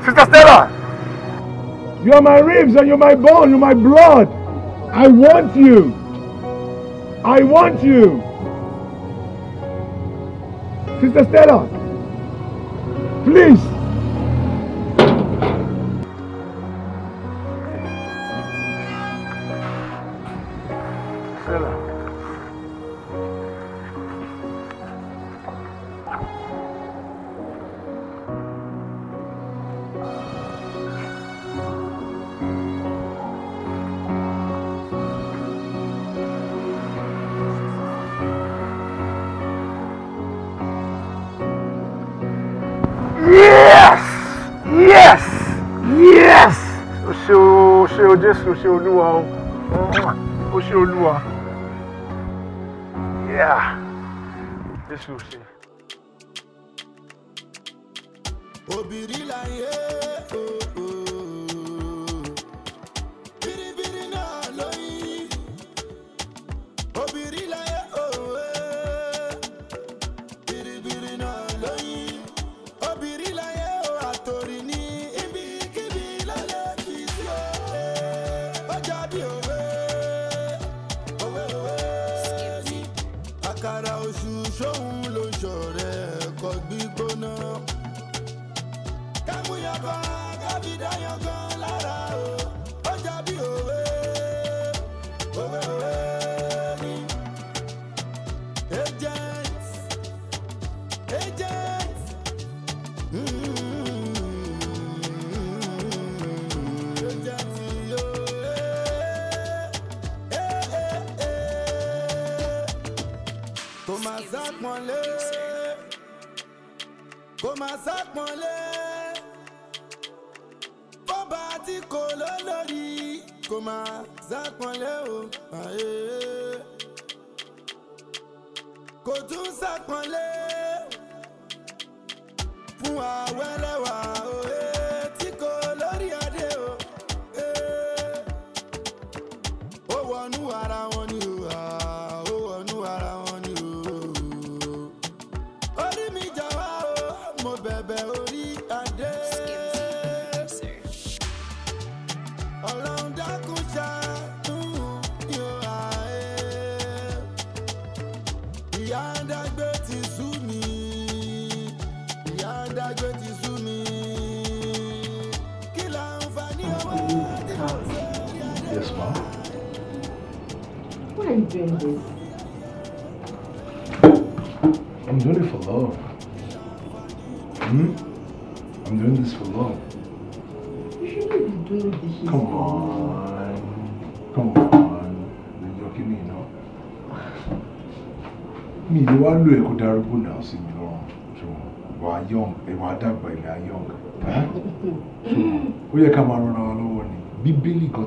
Sister Stella. You are my ribs and you're my bone, you're my blood. I want you. I want you. Sister Stella, please. olúwa o ó ṣe olúwa jésù ò ṣe. obìnrin láyé ooo. sápọ́nlé bọ́ba tí kò lólórí kò máa sápọ́nlé o.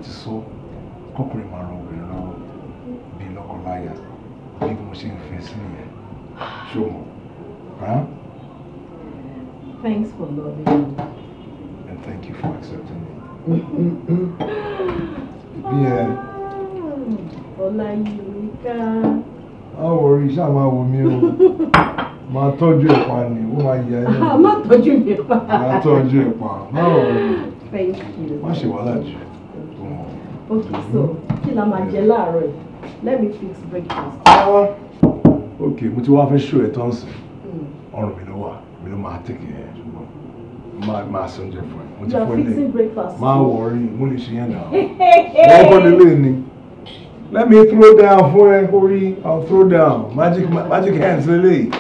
ti sọ kọkùnrin máa ran obìnrin lọ́wọ́ bíi lọ́kọláya bí mo ṣe ń fẹ́ sí nìyẹn ṣó mọ̀ Thanks for loving me. And thank you for accepting me. Mm-hmm. Bí ẹ. Ọláyíká. Àwọn orí iṣẹ́ àwọn awo mi o. Máa tọ́jú ẹ̀ pa ni, ó máa yẹ ẹ́. [laughs] Má tọ́jú mi pa. Máa tọ́jú ẹ̀ pa. Má wọ̀ Má ṣe wàhálà jù okay so kí la máa jẹ láàárọ̀ yìí let me fix breakfast. ok mo ti wá fẹ́ ṣó ẹ̀ tán sùn hmm. ọrùn mi ló wà mi ló máa tẹ̀kẹ̀ ẹ̀ máa máa ṣe oúnjẹ fún ẹ mo ti fún ẹ máa wọrí mo lè ṣe yẹn náà [laughs] wọ́n kọ́ nílé ni let me throw down fún ẹ orí i'll throw down magic magic hands lélẹ́yìí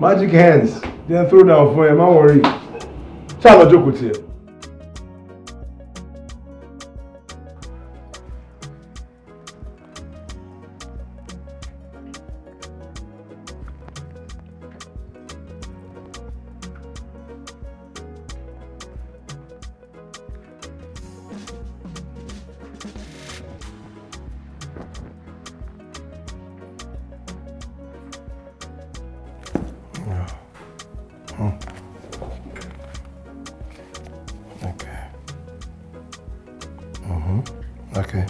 magic hands then throw down fún ẹ má wọrí ṣáà lọ jókòó tiẹ̀. Huh. Oh. Okay. Mm-hmm. Okay.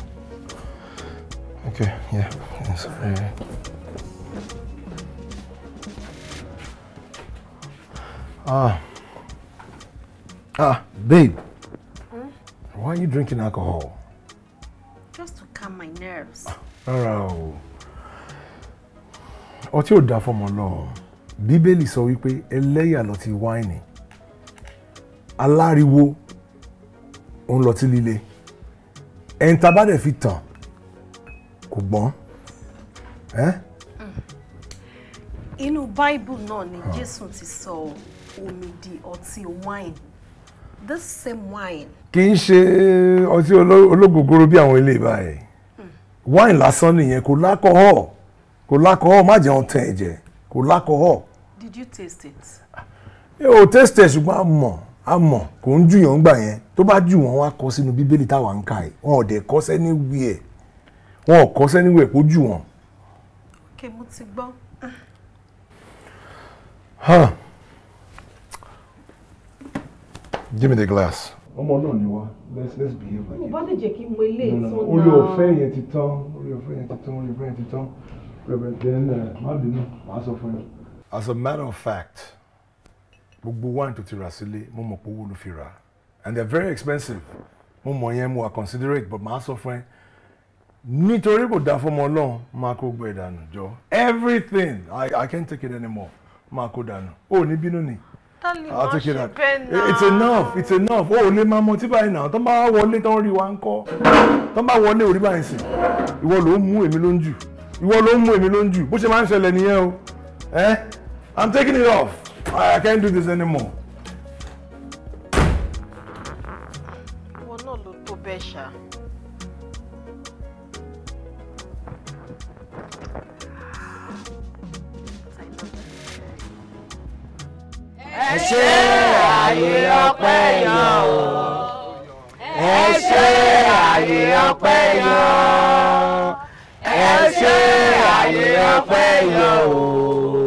Okay, yeah. Yes, uh, Ah. Ah, babe. Hmm? Why are you drinking alcohol? Just to calm my nerves. Ah, rárá o. Ọtí ò dáa fọmọ náà. bíbélì sọ wípé ẹlẹ́yà lọ ti wáìnì aláriwo òun lọ ti líle ẹ̀ǹtà bá dẹ̀ fi tàn kò gbọ́n. Hmm. inú báíbù náà ni jésù ti sọ omi di ọtí wáìnì this same wine. kì í ṣe ọtí ológogoro bí àwọn ilé ìbáyìí hmm. wine lásán nìyẹn kò lákọ̀ọ́ kò lákọ̀ọ́ má jẹun tẹ̀ ẹ̀jẹ̀ kò lákọ̀ọ́ Did you taste it? ẹ ò taste ẹ ṣùgbọ́n a mọ̀ a mọ̀ kò ń jùyàn ń gbà yẹn tó bá jù wọ́n wá kọ sínú bíbélì táwa ń kà ẹ̀ wọn ò dẹ̀ kọ́ sẹ́ni wí ẹ̀ wọn ò kọ́ sẹ́ni wí ẹ̀ kó jù wọ́n. ok mo ti gbọ́. Huh. Give me the glass. ọmọ náà ni wá let's let's behave like it. bọ́dẹ̀ jẹ́ kí n mọ ilé ìtàn náà. orí ọ̀fẹ́ yẹn ti tán orí ọ̀fẹ́ yẹn ti tán orí ọ̀fẹ́ yẹn ti tán rẹ̀ bẹ̀ dẹ́n má bínú màá sọ fún yẹn as a matter of fact gbogbo wine tó ti rà sílé mo mọ̀ pé owó ló fi rà and they are very expensive mo mọ̀ yẹn mo wà considerate but màá sọ fún ẹ nítorí kò dáa fún ọmọ ọlọ́run máa kó gbẹ ìdànù jọ everything I, I can't take it anymore máa kó dànù ó ní bínú ni. tálí máa ṣe bẹ́ẹ̀ náà it's enough it's enough ó lè máa mọ tí báyìí náà tó bá wọlé tó ń rí wa ń kọ́ tó bá wọlé orí báyìí sìn ìwọ ló ń mú èmi ló ń jù ìwọ ló ń mú èmi ló ń jù bó ṣe máa ń ṣẹlẹ̀ nìyẹn o ẹ́ I'm taking it off. I, I can't do this anymore. Wọ́n náà ló tó bẹ́ẹ̀ ṣá. Ẹ ṣe àyè ọpẹ́ yan o. Ẹ ṣe ọpẹ́ yan. Ẹ ṣe àyè ọpẹ́ yan o.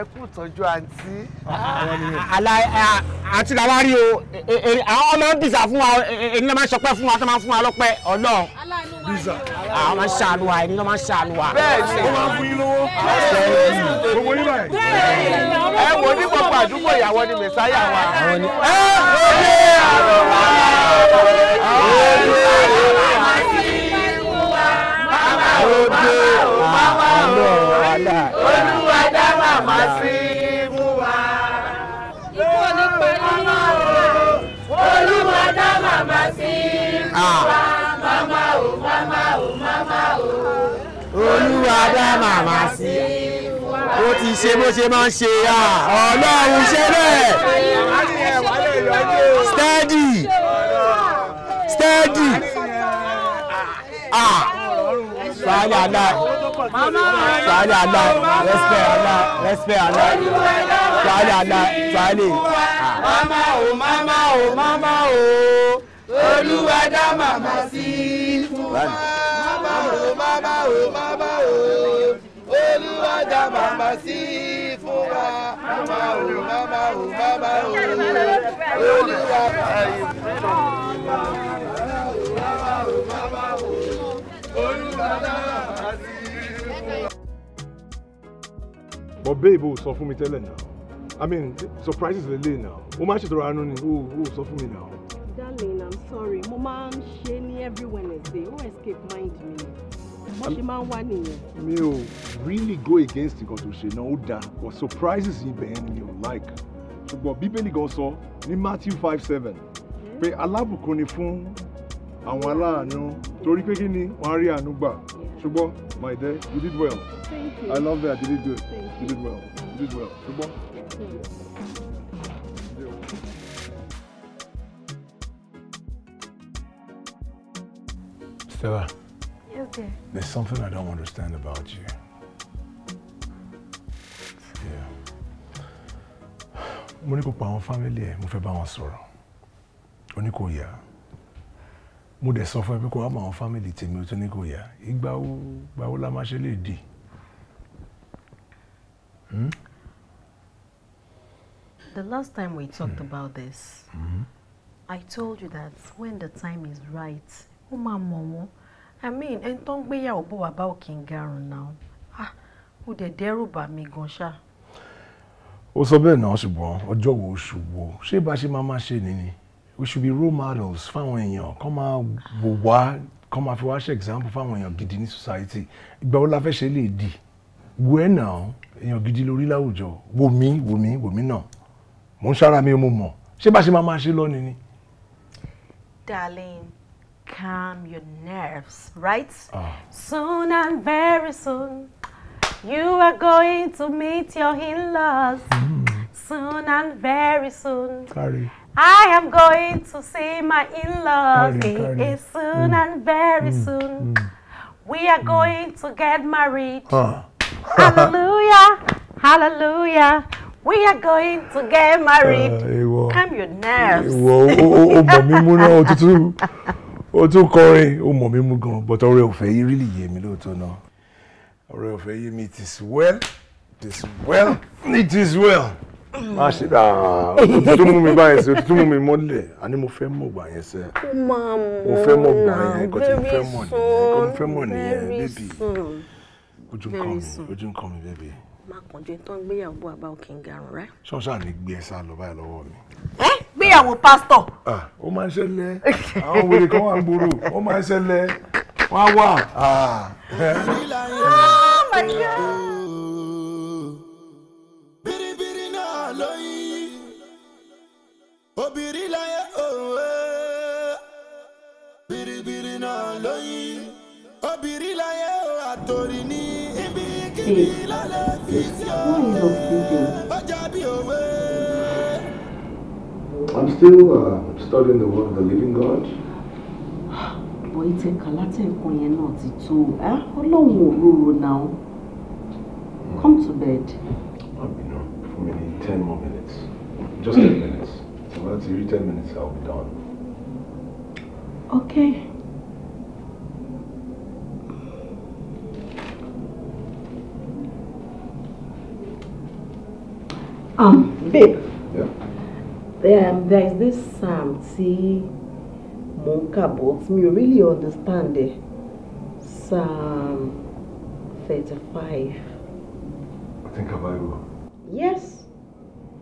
ẹ kú ìtọ́jú àǹtí. àlà àǹtí la rí o e, e, e, àwọn ọmọ ń bìsà fún wa èyí máa ń sọpẹ́ fún wa tó máa ń fún wa lọ́pẹ́ ọlọ́run. bìsà àwọn máa ń ṣàánú wa èyí máa ń ṣàánú wa. bẹ́ẹ̀ni ó máa ń fún yín lówó. owó yín báyìí. ẹ wo ní gbogbo àdúgbò ìyàwó ni mẹsáyà wa. ẹ ọ̀rẹ́ àlọ́ wa ọ̀rẹ́ àlọ́ wa bàbá ò bàbá ò bàbá ò olúwa má sí fún wa. Ikú ní pẹ̀lú olúmọdá màmá sí fún wa. mama, o, mama, o, mama, o. Olúwa dá màmá sí ó ti ṣe bó ṣe máa ń ṣe à ọlọ́run ṣe bẹ́ẹ̀ steady steady. Ah. Sahari Allah Sahari Allah respect Allah respect Allah Sahari Allah Sahari. Mama o mama o mama o Olúwa dá màmá sí fún wa. Mama o mama o mama o Olúwa dá màmá sí fún wa. Mama o mama o mama o Olúwa dá màmá sí fún wa. but babe o sọ me mi tẹ́lẹ̀ náà i mean surprises le le now. o máa ń ṣètò ara ní o o now? darling i'm sorry My máa ń every wednesday o escape mind me? mo ṣe máa ń really go against nǹkan to say náà ó dáa surprises ibẹ̀ yẹn mi Like, like ṣùgbọ́n bíbélì go sọ ní matthew five seven pé alábùkún love fún àwọn aláàánú torí pé kí ni wọ́n rí àánú gbà ṣùgbọ́n my dear you did well you. I love that you did good you. you did well you did well ṣùgbọ́n. Stella. Okay. There's something I don't understand about you. Yeah. Mo pa àwọn fámílì ẹ̀, mo fẹ́ bá wọn sọ̀rọ̀. Ó ní kò mo dẹ̀ sọ fún ẹ pé kó wá mọ àwọn fámìlì tèmi tó ní kò yá ìgbà wo ìgbà wo la máa ṣe lè dì. Hmm? The last time we talked mm. about this, hmm I told you that when the time is right, ó máa mọ̀ wọ́n. I mean, ẹni tó ń gbéyàwó bò wá bá òkè ń garùn Ah, ó dẹ̀ dẹ́rù bà mí gan ṣá. Ó sọ bẹ́ẹ̀ náà ṣùgbọ́n ọjọ́ wo oṣù ṣé bá ṣe máa máa ṣe nìyí? we should be role models fáwọn èèyàn kọ́ máa wò wá kọ́ máa fi wá ṣe example fáwọn èèyàn gidi ní society ìgbà wo la fẹ́ ṣe lè di wẹ́ẹ̀ náà èèyàn gidi lórí láwùjọ wò mí wò mí wò mí náà mò ń ṣára mi mo mọ̀ ṣé bá ṣe máa máa ṣe lónìí ni. darling calm your nerves right ah. soon and very soon you are going to meet your in-laws mm. soon and very soon. Sorry. I am going to see my in-law very soon mm. and very mm. soon. Mm. We are going to get married. Huh. [laughs] Hallelujah! Hallelujah! We are going to get married. Uh, Calm your nerves. Oh, o mọ̀ mí mú náà o tuntun o tún kọrin o mọ̀ mí mú gan but ọ̀rẹ́ ọ̀fẹ́ yìí really yé mi lóòótọ́ náà. Ọ̀rẹ́ ọ̀fẹ́ yé mi it is well it is well it is well má ah, ṣe bá ah, [laughs] mú mi báyẹn sí òtútù mú mi mọ́lẹ̀ àní mo fẹ́ mọ̀ gbà yẹn sẹ́ mo fẹ́ mọ̀ gbà yẹn nǹkan mo fẹ́ mọ̀ nìyẹn fẹ́ mọ̀ nìyẹn bébì ojú nǹkan mi ojú nǹkan mi bébì. má kàn jẹ́ tán gbéyàwó àbá òkè ń garun rẹ. ṣọ́ọ̀ṣà ni gbé ẹ sá lọ báyìí lọ́wọ́ mi. ẹ gbéyàwó pásítọ̀. Ah, ó máa ń ṣẹlẹ̀ àwọn wèrè kan wà gbòòrò ó máa ń ṣẹlẹ̀ wá wà. lóyún obìnrin láyé òwe biribiri náà lóyún obìnrin láyé àtòrí ní ibi kíbi lálẹ́ fi sí òwe ọjà bí òwe. I'm still uh, studying the word of the living God. Bọ̀ ìtẹ̀ kàlátẹ̀ ẹ̀kọ́ yẹn náà ti tó. Eh? Ọlọ́run ò rorò náà. Come to bed. maybe 10 more minutes. Just 10 minutes. So that's every 10 minutes I'll be done. Okay. Um, babe. Yeah. um, there is this um, tea monka box. Me really understand it. Psalm um, 35. I think I will. Yes.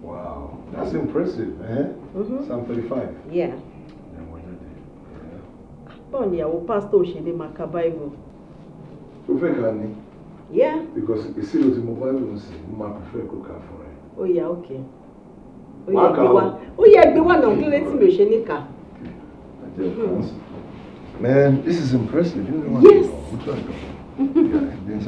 Wow, that's impressive, man. Eh? Mm-hmm. Psalm 35. Yeah. Báwo ni ìyàwó pásítọ̀ Bible? You think ka Yeah. Because ìṣirò tí mo bá lò ó sì máa prefer kó for it. Oh yeah, okay. Oh yeah, gbé one. Oh yeah, gbé one. Don't let me mi ò ṣe Man, this is impressive. You know what? Yes. [laughs] Yeah,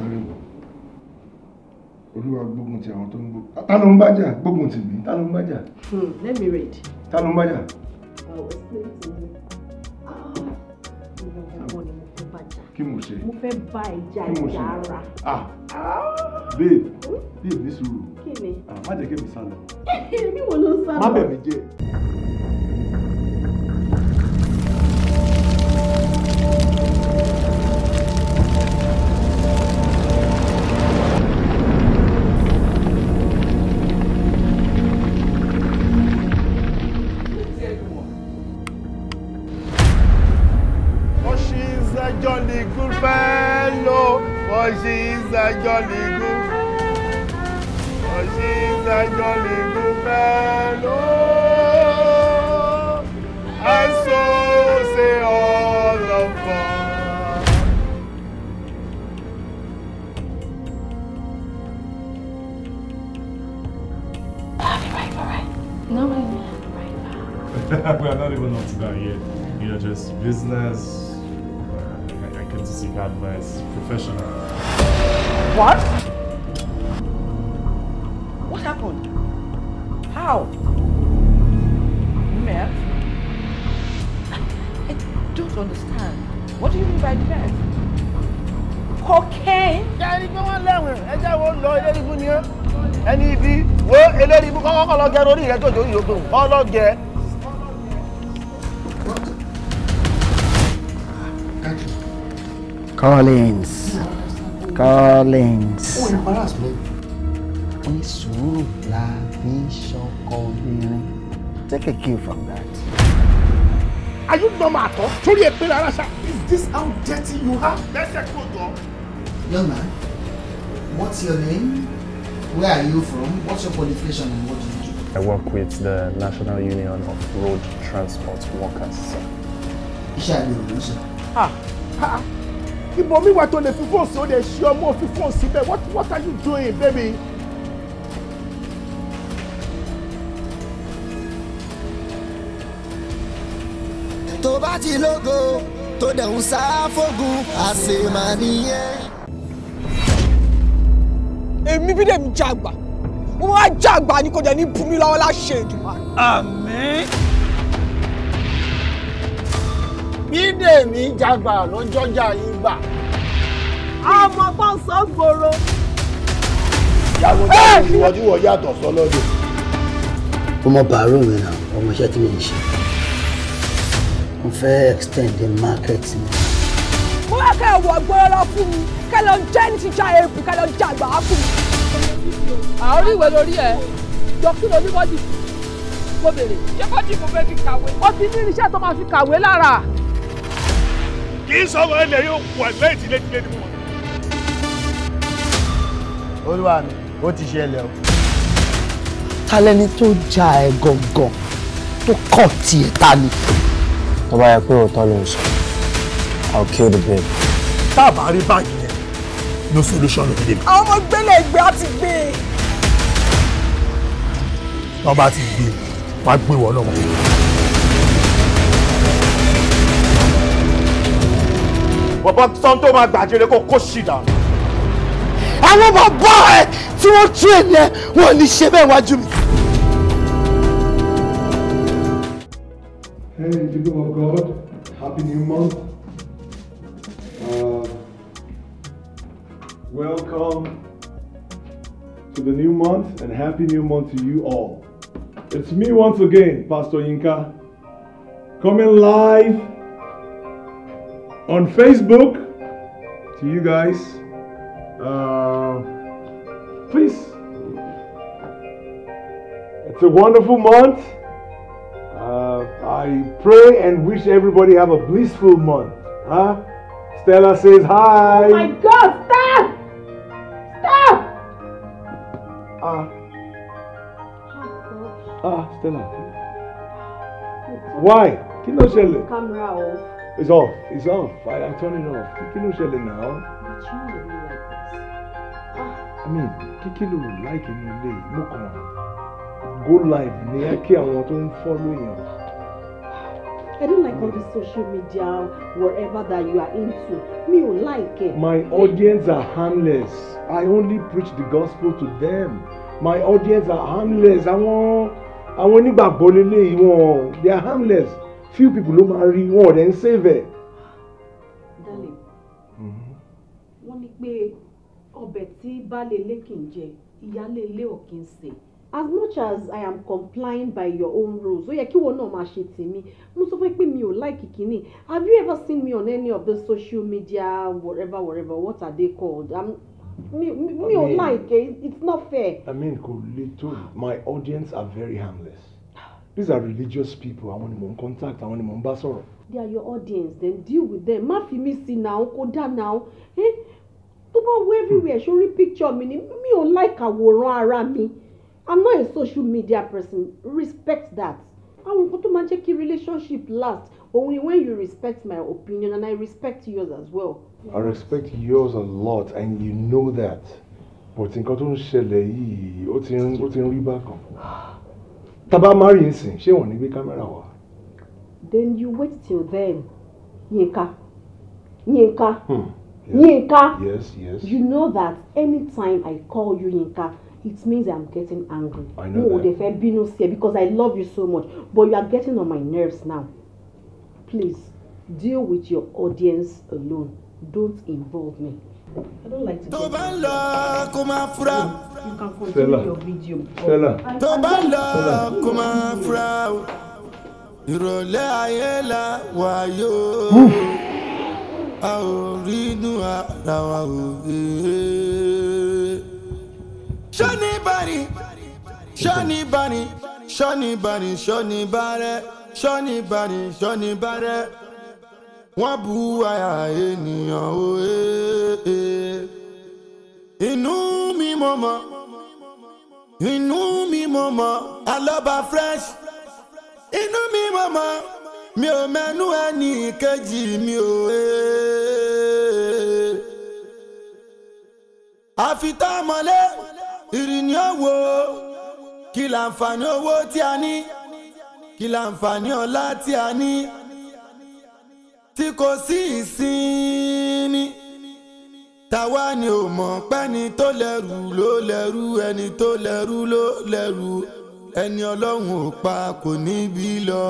olúwa gbógun ti àwọn tó ń gbó ta ló ń bájà gbógun ti mí ta ló ń bájà. Hmm, let me read. ta ló ń bájà. Ah, kí mo ṣe. mo fẹ́ bá ìjà ìjà ara. babe hmm? babe ní sùúrù. kí ni. Ah, má jẹ́ kí mi sá [laughs] mi wo ló sá má bẹ̀ mí jẹ́. Oh, she's a jolly good. Oh, she's a jolly good fellow. And so say all of us. I'll be right, No, [laughs] we are not even up to that yet. You know, just business. seek advice professionally. What? What happened? How? Meth? I don't understand. What do you mean by the meth? Cocaine? Yàrá gbé wọn lẹ́wọ̀n ẹjẹ́ wo lọ ilé ibú ni ẹ́ ẹni ibi wo ilé ibú kọ́kọ́ lọ gẹ orí rẹ tó dòrí yòókù kọ́ lọ gẹ. Collins Collins. ó embarrass me. ó ní sùúrù la take a cue from that. are you normal at all. sórí ẹ pé is this how dirty you are. lẹ́sẹ̀ kúrò jọ. young man what's your name where are you from what's your qualification and what do you do. I work with the National Union of Road Transport Workers. Iṣẹ́ àgbẹ̀ òun ló ṣe ibo mi wà tó lè fi fóònù sí ó lè ṣe ọmọ fi fóònù síbẹ̀ what what are you doing baby. tó bá ti lógo tó dẹ̀ ń sá fógun nìyẹn. èmi bí dèmi jàgbà wọn á jàgbà ni kò dẹ̀ ní bùnmi lọ́wọ́ láṣẹ ìdùnnú. àmín bídèmí jagbà lọ́jọ́jà yín gbà. ọmọ kan sọ gbòòrò. ìyàwó tí wọ́n yàtọ̀ sọlọ́dọ̀. ọmọ bàárò mi náà ọmọ iṣẹ́ tí mi ń ṣe mo fẹ́ extend the market mi. mo wá kẹ́ ẹ̀ wọ̀ gbọ́dọ̀ lọ fún mi kẹ́ lọ jẹ́ ní ti ja èébù kẹ́ lọ ja àgbà á fún mi. àárín ìwé lórí ẹ̀ jọ kí lóní bọ́dì mo bèrè. ṣé bọ́dì mo fẹ́ fi kàwé. ó ti ní irinṣẹ́ tó máa fi kàwé lára kì í sọ̀rọ̀ ilẹ̀ yóò pọ̀ ẹ̀gbẹ́ ìtìlẹ́tìlẹ́ ni mo wà. olúwa mi ó ti ṣẹlẹ̀ o. ta lẹni tó ja ẹ gangan tó kọ̀ tiẹ̀ ta ni. tó bá yẹ pé òótọ́ ló ń sọ I'll kill the babe. tá a bá rí báàgì yẹn no solution ló fi dé mi. àwọn ọmọ gbélé ìgbé á ti gbé e. tó ti gbé e wàá gbé wọn náà. bàbá gbàjẹ́ kó ṣì àwọn bàbá ẹ tí wọ́n wọn ní ṣe wájú mi. Hey, in the name of God, happy new month. Uh, welcome to the new month and happy new month to you all. It's me once again, Pastor Yinka, coming live on Facebook to you guys. Uh, please. It's a wonderful month. Uh, I pray and wish everybody have a blissful month. Huh? Stella says hi. Oh my God! Stop! Stop! Ah. Uh, ah, Stella. Why? Camera off. It's off. It's off. I, I turn it off. Kikilu ló now. But you don't really like this. Ah. I mean, Kikilu ló like inú ilé yìí? Mo kàn go live ní kí follow èèyàn. I don't like all this social media, whatever that you are into. Me, you like it. My audience are harmless. I only preach the gospel to them. My audience are harmless. I Àwọn àwọn onígbàgbọ́ lélẹ́yìí wọn, they are harmless few people ló máa rí wọn ò dẹ̀ ń save ẹ̀. dale mm-hmm. wọ́n ní pé ọbẹ̀ tí baálé ilé kì í jẹ ìyáálé ilé ò sè. as much as i am complying by your own rules ó yẹ kí wọn náà máa ṣe tèmi mo sọ fún pé mi ò like kìíní have you ever seen me on any of the social media whatever whatever what are they called i'm mi mi ò like it it's not fair. i mean kò le to my audience are very harmless these are religious people I want mò ń contact I want mò ń bá they are your audience then deal with them má fi mí sí now kódà now eh? tó bá wọ everywhere sórí picture mi me. mi ò like àwòrán around me. i'm not a social media person respect that I want to máa jẹ́ relationship last Only when you respect my opinion and i respect yours as well. i respect yours a lot and you know that but nǹkan tó ń ṣẹlẹ̀ yìí ó ti ń rí bákan tábà má rí nsìn ṣé wọn ní gbé kámẹ́rà wá. then you wait till then Yinka Yinka hmm. yes. Yinka yes, yes. you know that anytime I call you Yinka it means I'm getting angry I know mo ò dẹ̀ fẹ́ bínú sí ẹ because I love you so much but you are getting on my nerves now please deal with your audience alone don't involve me. tó bá ń lọ kó máa fura. You can continue your video. Tó bá lọ kó máa fura o, ìrọ̀lẹ́ ayé la wà yóò, bari, ṣọ́ni bari, ṣọ́ni bari, ṣọ́ni bari, ṣọ́ni barẹ́ wọ́n bu àyà ènìyàn òye mo mọ̀ inú mi mo mọ̀ alọ́ba fresh inú mi mo mọ̀ mi ò mẹ́nu ẹni kejì mi ò ee. àfitọ́ ọmọlé ìrìnnì òwò kí láǹfààní owó tí a ní kí láǹfààní ọlá tí a ní tí kò sí ìsinmi tàwa ni ò mọ̀ pẹ́ni tó lẹ́rù ló lẹ́rù ẹni tó lẹ́rù ló lẹ́rù ẹni ọlọ́run ò pa kò níbi lọ.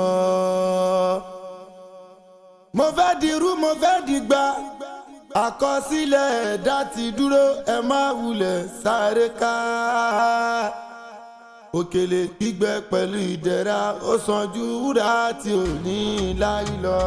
mo fẹ́ dirú mo fẹ́ dìgbà àkọsílẹ̀ ẹ̀dá ti dúró ẹ má wulẹ̀ sáré ká. òkèlè gbígbẹ pẹ̀lú ìdẹ̀ra ó sàn wúrà tí ò ní láyé lọ.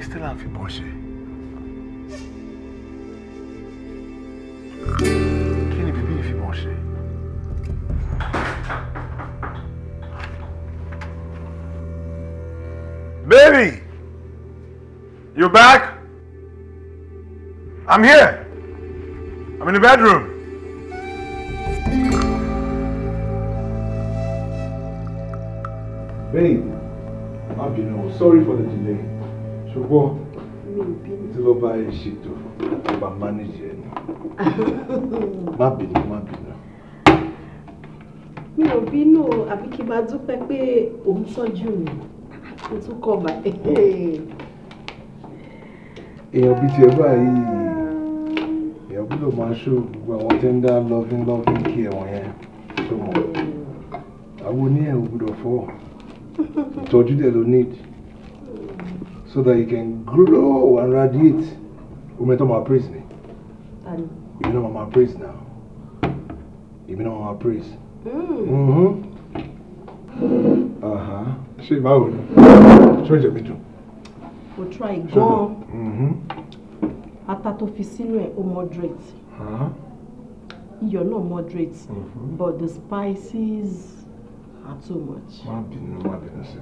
ni still à ń fi bọ́ Baby! You back? I'm here. I'm in the bedroom. Babe, I've been sorry for the ṣùgbọ́n tí ló bá yẹ ṣètò tó bá mánéjì ẹ̀ nù [laughs] má bínú má bínú. mi ò bínú àbí kí n máa dúpẹ́ pé òun tọ́jú mi mo tún kọ̀ bá èèyàn bíi tiẹ̀ báyìí èèyàn gbọ́dọ̀ máa ṣó gbogbo àwọn tí ń dá loving loving kí ẹ̀wọ̀n yẹn tó mọ̀ hmm. àwọn oníyẹ̀wò gbọ́dọ̀ fọ́ ìtọ́jú dẹ̀ ló need so that you can grow and radiate. Women talk about praise me. You know my praise now. You know my praise. Mm. Mm-hmm. Uh-huh. Ṣé my own. Ṣé oúnjẹ mi dùn? Mo try gan-an. Mm-hmm. Ata tó fi sínú ẹ̀ ó moderate. Iyọ̀ náà moderate. Mm-hmm. But the spices are too much. My bínú, my bínú sí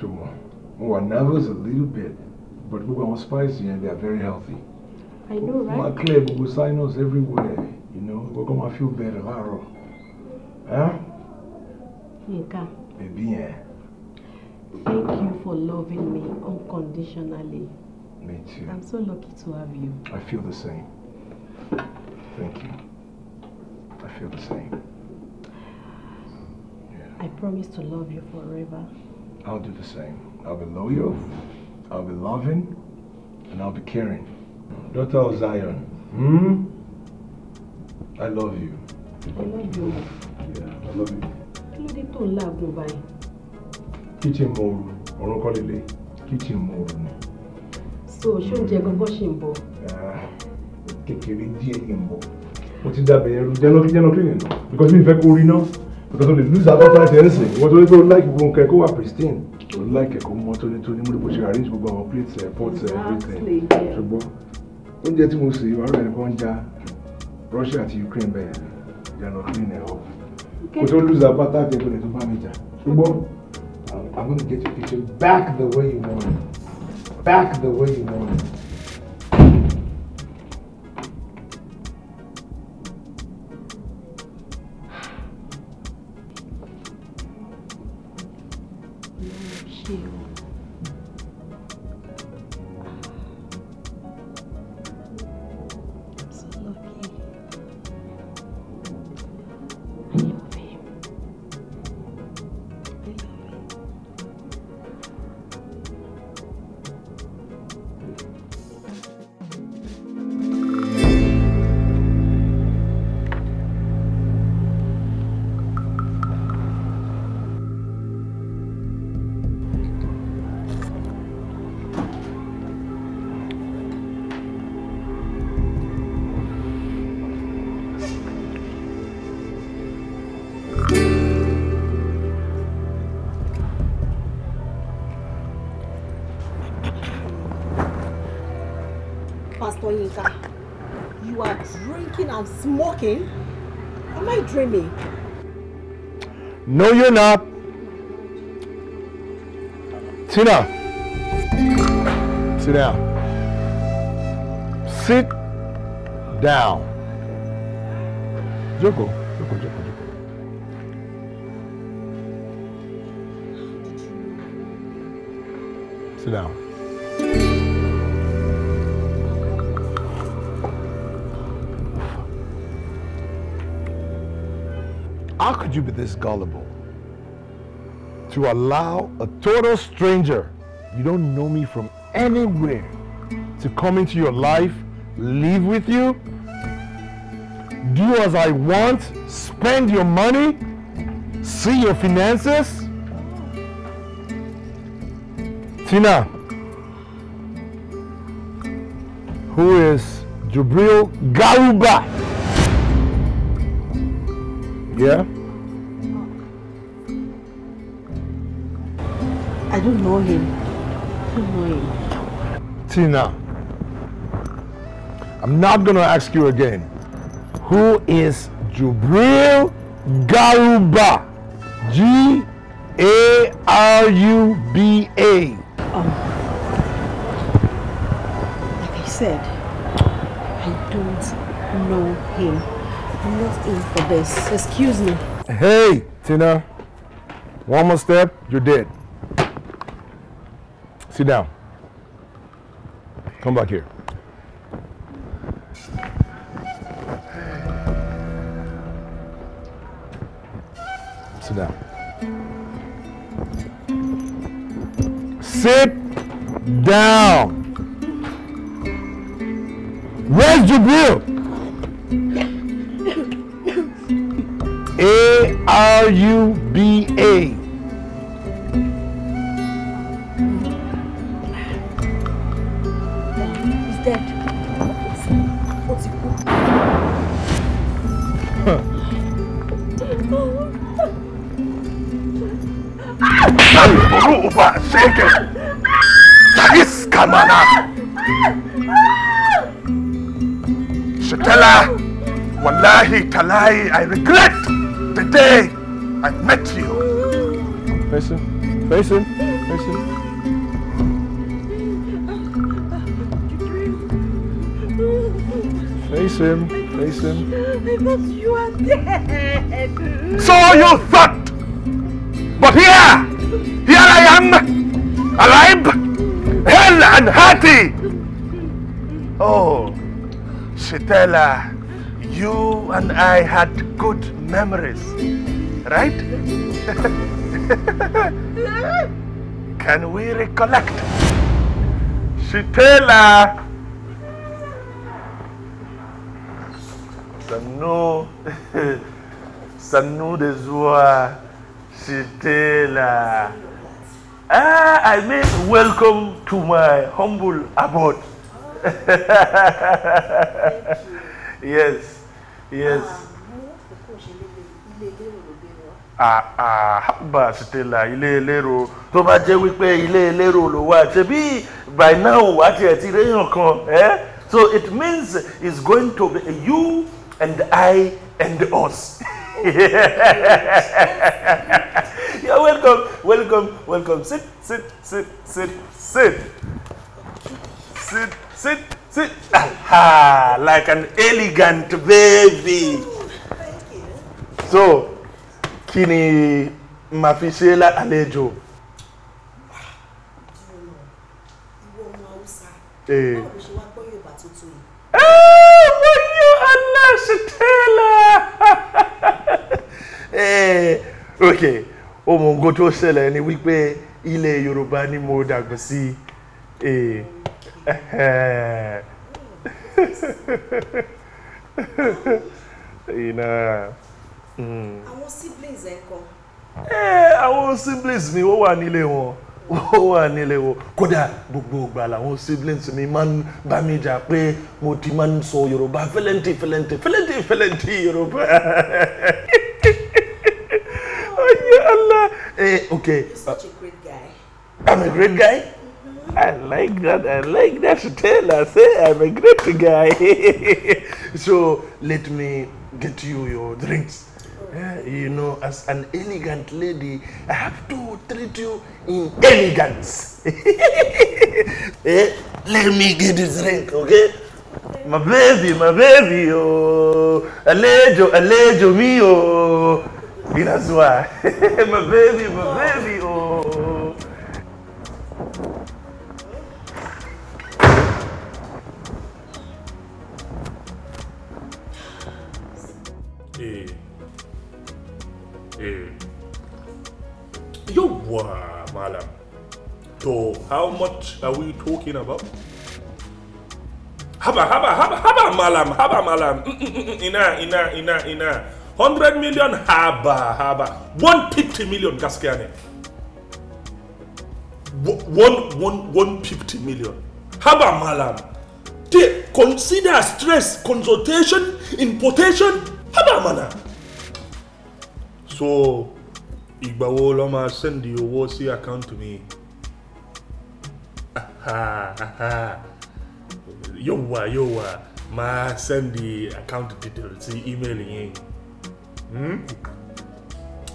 Too much. who are nervous a little bit, but who are spicy and they are very healthy. I know, right? My club will sign us everywhere, you know. We're going to feel better, Laro. Huh? Nka. Baby, eh? Thank you for loving me unconditionally. Me too. I'm so lucky to have you. I feel the same. Thank you. I feel the same. Yeah. I promise to love you forever. I'll do the same. I'll be loyal, I'll be loving, and I'll be caring. Daughter of Zion, hmm? I love you. I love you. Yeah, I love you. Kí ló dé tó ń láàgùn báyìí? Kitchen mooru, ọ̀run kọ́ líle, kitchen mooru So, ṣé oúnjẹ hmm. go washing? ń bọ̀? Ah, kékeré díẹ̀ ni ń bọ̀. Mo Because mi very kó rí Because o lè lose our butterfly tẹ̀ ń What Wọ́n tó lé pé o like gbogbo nǹkan kó pristine tó láìkẹ́ kó mọ́ tónítóní múlò bó ṣe arrange gbogbo àwọn plates ẹ̀ pot ẹ̀ everything ṣùgbọ́n oúnjẹ tí mo sè é wàá rẹ̀ nìkan ń Russia àti Ukraine bẹ́ẹ̀ ìjànà clean ẹ̀ ọ́ kò tó lose abata àti ẹgbẹ́ tó bá mi jà ṣùgbọ́n I'm gonna get your picture back the way you want it back the way you want it. you're not. Sit down. Sit down. Sit down. Joko, Joko, Joko, Joko. Sit down. How could you be this gullible? to allow a total stranger, you don't know me from anywhere, to come into your life, live with you, do as I want, spend your money, see your finances. Tina, who is Jubril Garuba. Yeah? don't know him. I don't know him. Tina, I'm not going to ask you again. Who is Jubril Garuba? G A R U B A. Um, like I said, I don't know him. I'm not in for this. Excuse me. Hey, Tina. One more step, you're dead. Sit down. Come back here. Sit down. Sit down. Where's bill? A R U B A. super it. Vergiss Kamana. So up. her, Wallahi Talai, I regret the day I met you. Face him, face him, face him. Face him, face him. I thought you were dead. So you thought, but here And Hattie. Oh, Shitela, you and I had good memories, right? [laughs] Can we recollect? Shitela. Sanu, [laughs] Sanu de Zua, Shitela. Ah, I mean, welcome to my humble abode. [laughs] yes, yes. Ah, ah, àbá stella ilé elérò tó bá jẹ́ wípé ilé elérò ló wà ṣebí by now what á tiẹ̀ ti eh? so it means it's going to be you and I and us. Oh, [laughs] [laughs] welcome, welcome, welcome. Sit, sit, sit, sit, sit. Sit, sit, sit. Aha, [laughs] like an elegant baby. Thank you. So, kí ni màá fi ṣe lálejò? Hey. Oh, okay ohun nǹkan tó ṣẹlẹ̀ ni wípé ilẹ̀ Yorùbá ni mo dàgbà sí iná. [laughs] Hmm. àwọn siblings ẹ kọ. àwọn siblings mi ó wà nílé wọn ó wà nílé wọn kódà gbogbo ìgbà làwọn siblings mi máa ń bá mi jà pé mo ti máa ń sọ Yorùbá fẹlẹ́ntì fẹlẹ́ntì fẹlẹ́ntì fẹlẹ́ntì Yorùbá. [laughs] Allah. Eh, okay. You're such a great guy. I'm a great guy? Mm -hmm. I like that. I like that tell us. say eh? I'm a great guy. [laughs] so let me get you your drinks. Eh, you know, as an elegant lady, I have to treat you in elegance. [laughs] eh? Let me get this drink, okay? My baby, my baby, oh, Alejo, Alejo, mio. oh. You that's why. my baby, my baby. Oh. Hey. Eh. Hey. Yowwa, Malam. So, how much are we talking about? How about? haba, haba, Malam, haba, Malam. Mm, mm, mm, ina, ina, ina, ina. 100 million haba haba 150 million gaskiya ne 150 million haba malam they consider stress consultation importation haba mana so igba wo ló máa send owó sí account mi yóò wá yóò wá máa send account details sí email yẹn. Hmm?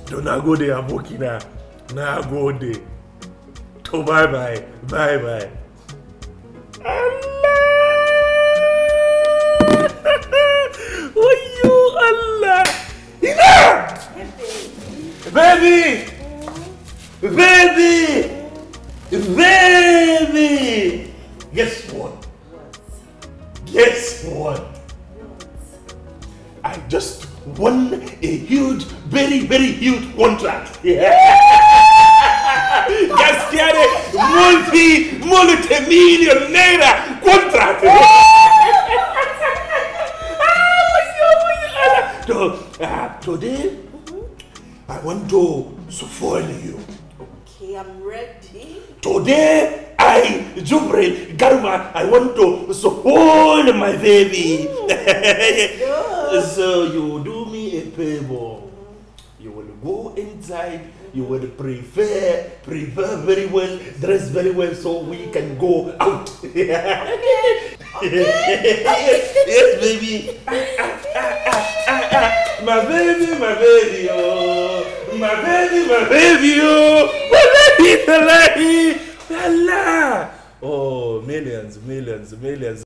Do not go there, Aboki now. Now go there. To bye bye. Bye bye. Allah! [laughs] Wayyo Allah! Enough! Baby! Baby! Baby! Guess what? Guess what? I just won a huge, very, very huge contract. [laughs] Gaskiya multi, multi-million naira contract. [laughs] so, uh, today, I want to spoil you. Okay, I'm ready. Today, I, Jubril Garma, I want to spoil my baby. Mm, [laughs] so you do favor. You will go inside, you will prepare, prepare very well, dress very well so we can go out. okay. Okay. [laughs] yes, baby. my baby, my baby, oh. My baby, my baby, oh. My baby, the lady. Allah. Oh, millions, millions, millions.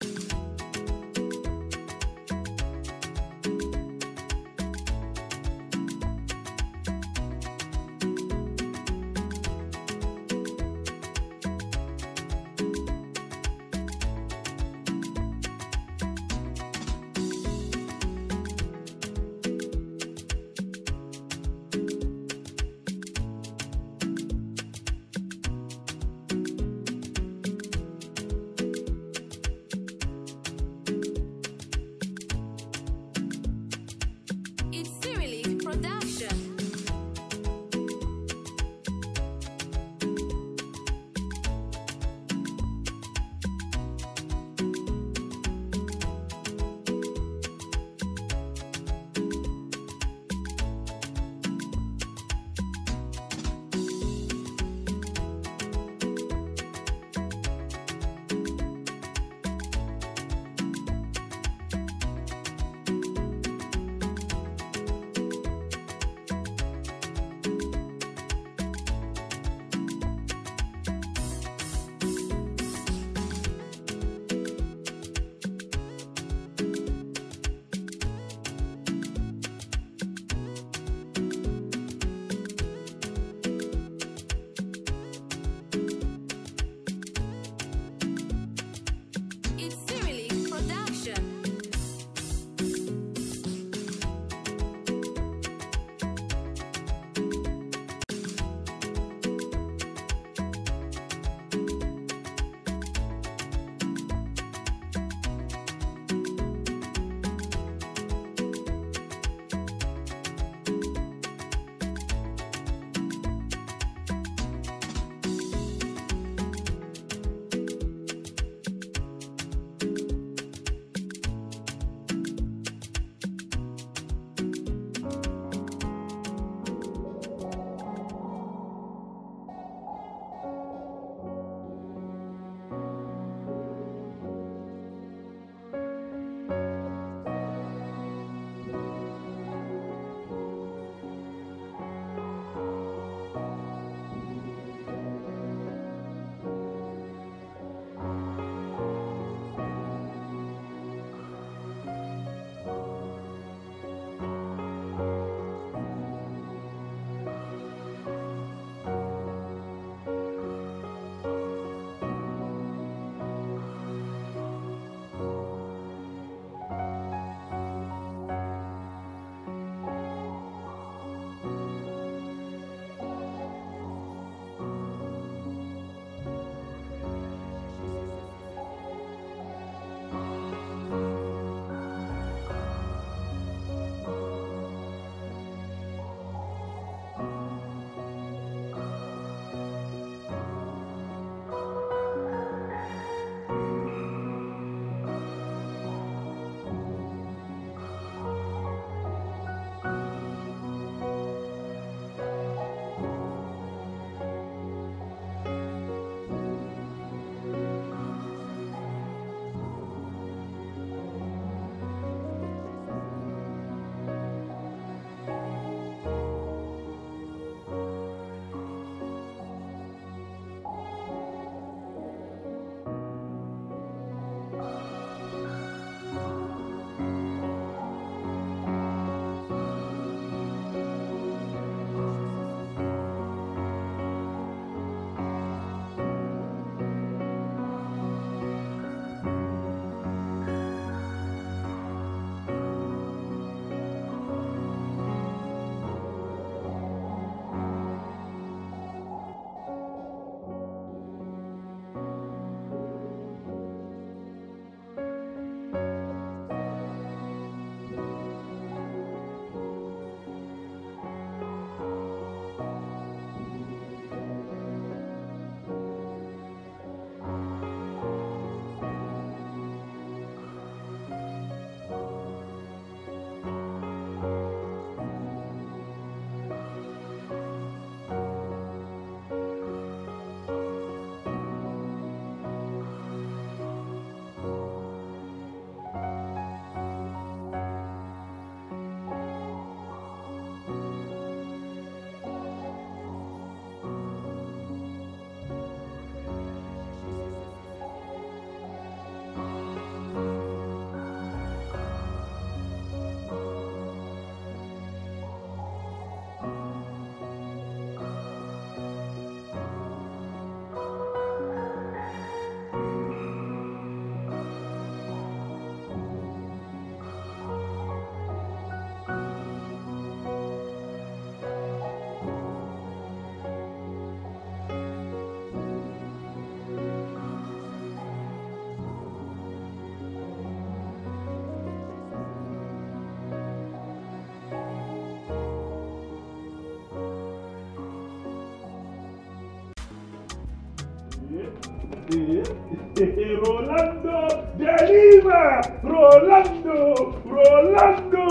Rolando Rolando.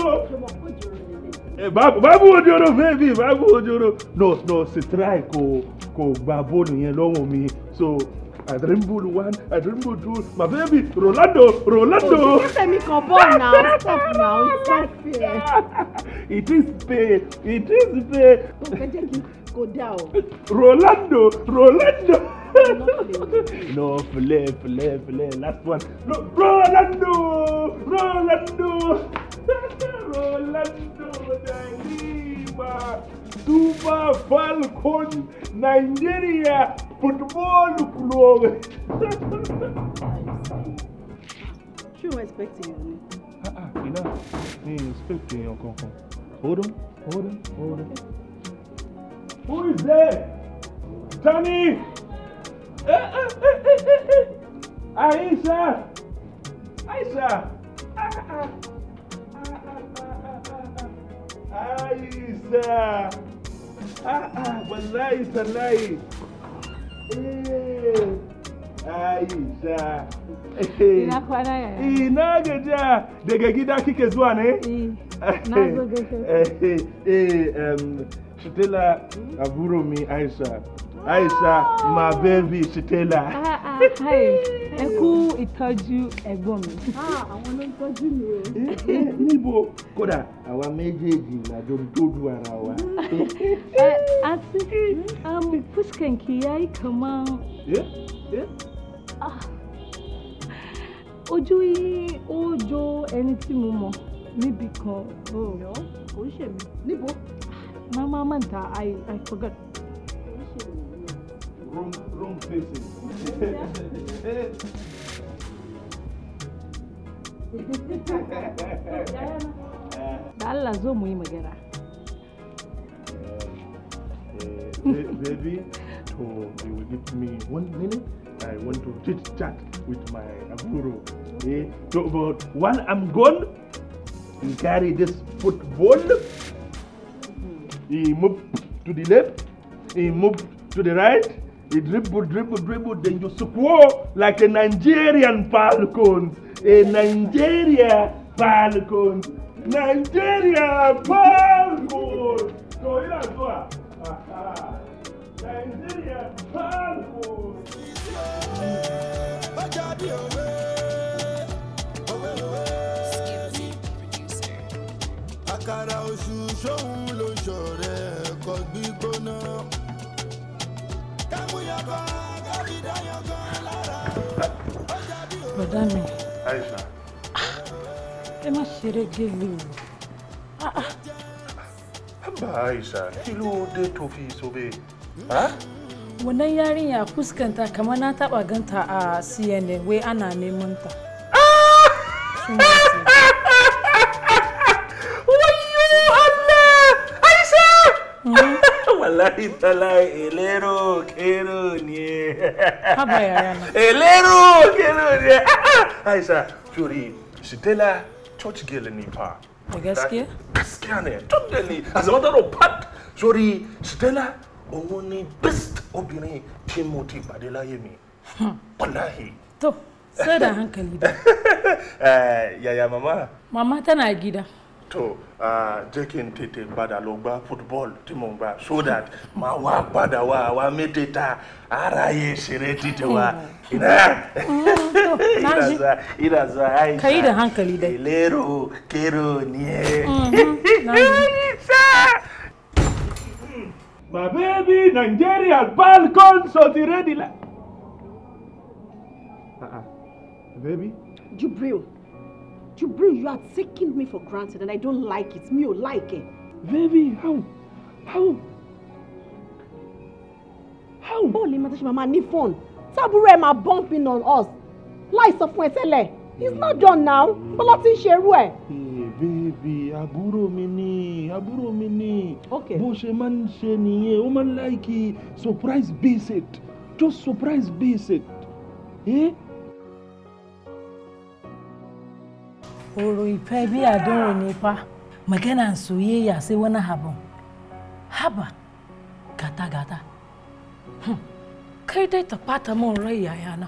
Eh, Babu Ojoro baby Babu Ojoro no no ṣe try kò kò gba bóòlù yẹn lọ́wọ́ mi so I dream ball one I dream ball two my baby Rolando Rolando. Òṣìṣẹ́ fẹ́mi kan bọ́ọ̀ náà stop now stop here. It is pay it is pay. Kò dá o. Rolando Rolando. no play play play last one no, Rolando. Rolando, Rolando da Lima, Super Falcon, Nigeria Football Club. Ṣé o expect èèyàn Ah, Ìlà ah, mi expect èèyàn kankan. Hold on, hold on, hold on. Who is there? Tani! Eh, eh, eh, Aisha! Aisha! Aisha! A'a, ah, ah, wallahi tallahi! Eh, Aisha! Ina kwana yaya? Ina gaja daga gida kike zuwa ne? Eh, na zo gaishe. Eh, eh, eh Shitila, aburo mi Aisha. Aisha my baby sitela. Stella. Ah, ah, ẹ kú ìtọ́jú ẹ̀gbọ́n mi. Ah, àwọn ló ń tọ́jú mi o. Eh, eh, níbo kódà àwa méjèèjì ìlàjọ dódú ara wa. Eh, àti fuskan kì í yáyí kan máa. ojú yìí ó jọ ẹni tí mo mọ̀ níbi kan. kò ń ṣèmi. níbo. màmá màǹtà I I forgot. room room fishing. da zo mu yi uh, uh, Baby, so you will give me one minute. I want to chit chat with my guru. Yeah, talk about when I'm gone, you carry this football. Hmm. He moved to the left, he moved to the right, he dribble, dribble, dribble, then you score like a Nigerian falcon. A Nigeria falcon. Nigeria falcon. So here I go. Aha. Nigeria Falcons! Ah, ah, ah. Producer. bọ̀dá Ah, Aisha. ẹ má ṣeré Ah, o. Haba Aisha kí ló dé tó fi sobe? Wannan yarinya fuskanta kamar na taɓa ganta a CNN wai ana neman ta. talay, talay, elero, quiero, nie. elero, quiero, nie. Ay, sa, churi, shitela, chochigele ni pa. Gaskiya? Gaskiya ne, chochigele ni. Azamataro pat, churi, shitela, òun ni best obìnrin tí mo ti pàdé láyé mi. Wallahi. To, sai da hankali da. Yaya mama? Mama tana gida. tó uh, jẹ́ kí n tètè padà lọ gbá football, tí mò ń gbà so that máa wá padà wá àwa mẹ́tẹ̀ẹ̀ta ara yẹ ṣeré títí wa. ina za aisha ka yi da hankali dai lero kero ne My baby, Nigeria, balcon, so the ready. Uh-uh. Baby? Jibril. You bring. you are taking me for granted and I don't like it. Me, you like it. Baby, how? How? How? Bó lè máa mama màmá phone? Tábúrò ẹ̀ máa bumping on us. Láì of fún ẹ tẹ́lẹ̀. It's not done now. Bọ́lá ti ń ṣe irú ẹ̀. Eh, Bébì, àbúrò ni, àbúrò ni. Okay. Bó man máa Woman like it. surprise visit. Just surprise visit. Eh? ọ̀rọ̀ ìfẹ́ bí àdúrà nípa magana soyayya yeah, sai wani habin haba gata-gata hmm. kai dai ta fata min rai yayana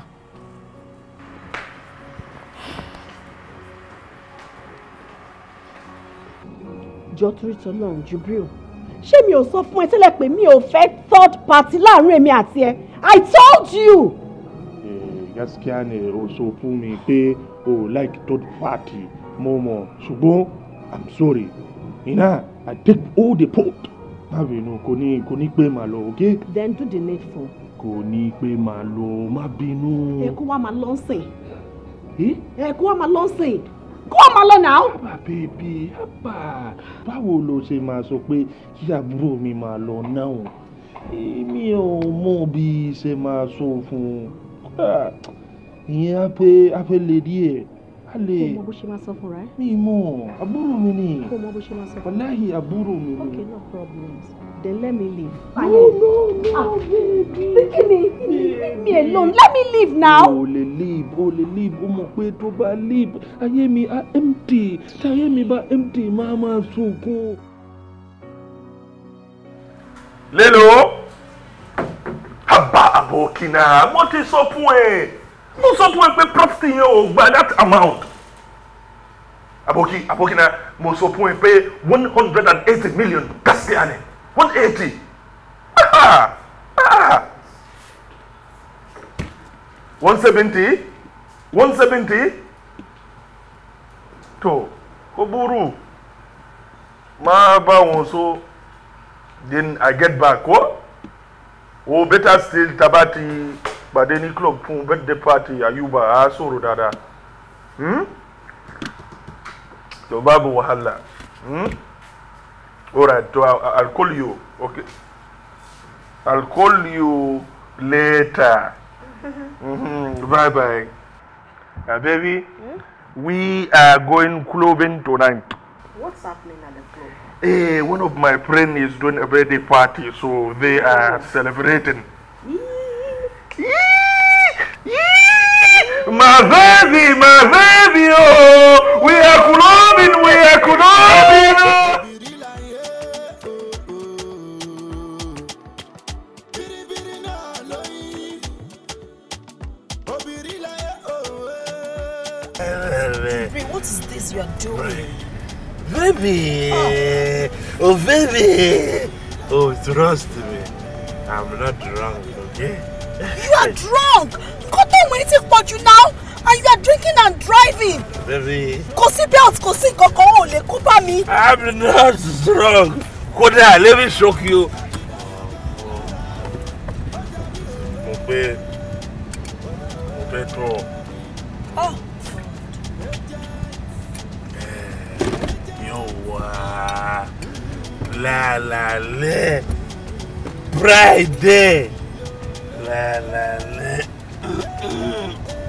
jọ torítọ náà Jubril ṣé mi ò sọ fún ẹ tẹ́lẹ̀ pé mi ò fẹ́ third party láàrin èmi àti ẹ I told you. Eh, gaskiya ne o sọ fún mi pé oh like third party mo mọ̀ ṣùgbọ́n i'm sorry ina i take all the pot má bínú kò ní kò ní pé màá lọ ok. then do the needful. kò ní pé màá lọ má bínú. ẹ kó wá máa lọ sìn. ẹ kó wá máa lọ sìn kó wá máa lọ nà ó. àbá bèbè báwo lo ṣe máa sọ pé kí àbúrò mi máa lọ náà èmi ò mọ̀ bí ṣe máa sọ fún un. Ah, ìyẹn á pé á pé lè díẹ̀ á lè. kò mọ bó ṣe máa sọ fúnra ẹ. mi mọ àbúrò mi ni. kò mọ bó ṣe máa sọ fúnra ẹ. wàláhì àbúrò mi ni. okay no problems then let me leave. no no no ah. baby. baby. kíni leave me alone let me leave now. o lè leave o lè leave o mọ̀ pé tó bá leave ayé mi á empty tí ayé mi bá empty máa máa sunkún. lélo àbá àbòkìnà mo ti sọ fún ẹ mo sọ fún ẹ pé property yẹn ò gba that amount aboki aboki na mo sọ fún ẹ pé one hundred and eighty million gasi ani one eighty ah, ah. one seventy one seventy to kò burú máa bá wọn so then i get back o oh? o oh, better still tabati. But any club fún birthday party Ayuba á sọ̀rọ̀ Hmm? tó bá bu hmm all right ra right, I'll call you. okay I'll call you later [laughs] mm-hmm. bye bye uh, baby hmm? we are going clubbing tonight. what's happening at the club. Hey, eh, one of my friends is doing a birthday party so they are oh. celebrating. My baby, my baby, oh, we are clubbing, we are clubbing, oh. What is this you are doing? Baby! Oh, oh baby! Oh, trust me. I'm not drunk, okay? You are drunk! nǹkan tó wọ́n ti pọ̀ jù now, and you are drinking and driving. baby. kò sí belt kò sí nǹkan kan lè kó bá mi. i'm not strong kódà let me shock you. mo pe mo pe tọ. oh. yóò wá lálàlẹ́ pride lálàlẹ́. Uh-uh. [clears throat] [clears throat]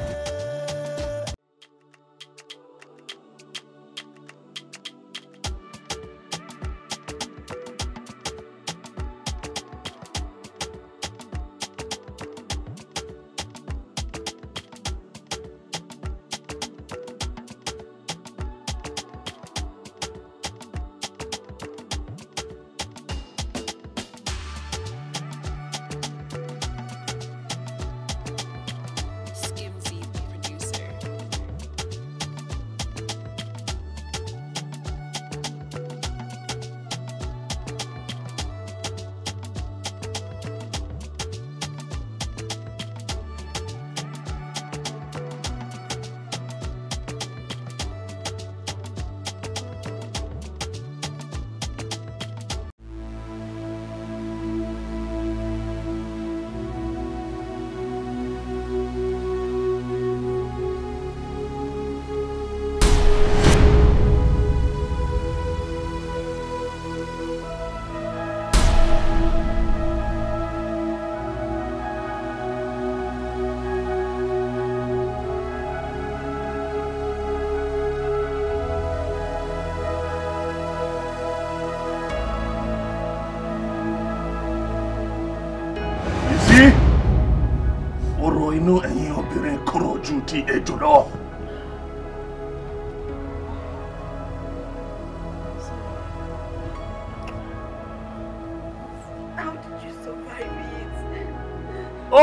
inú ẹ̀yin obìnrin kúrò ju ti ejò lọ.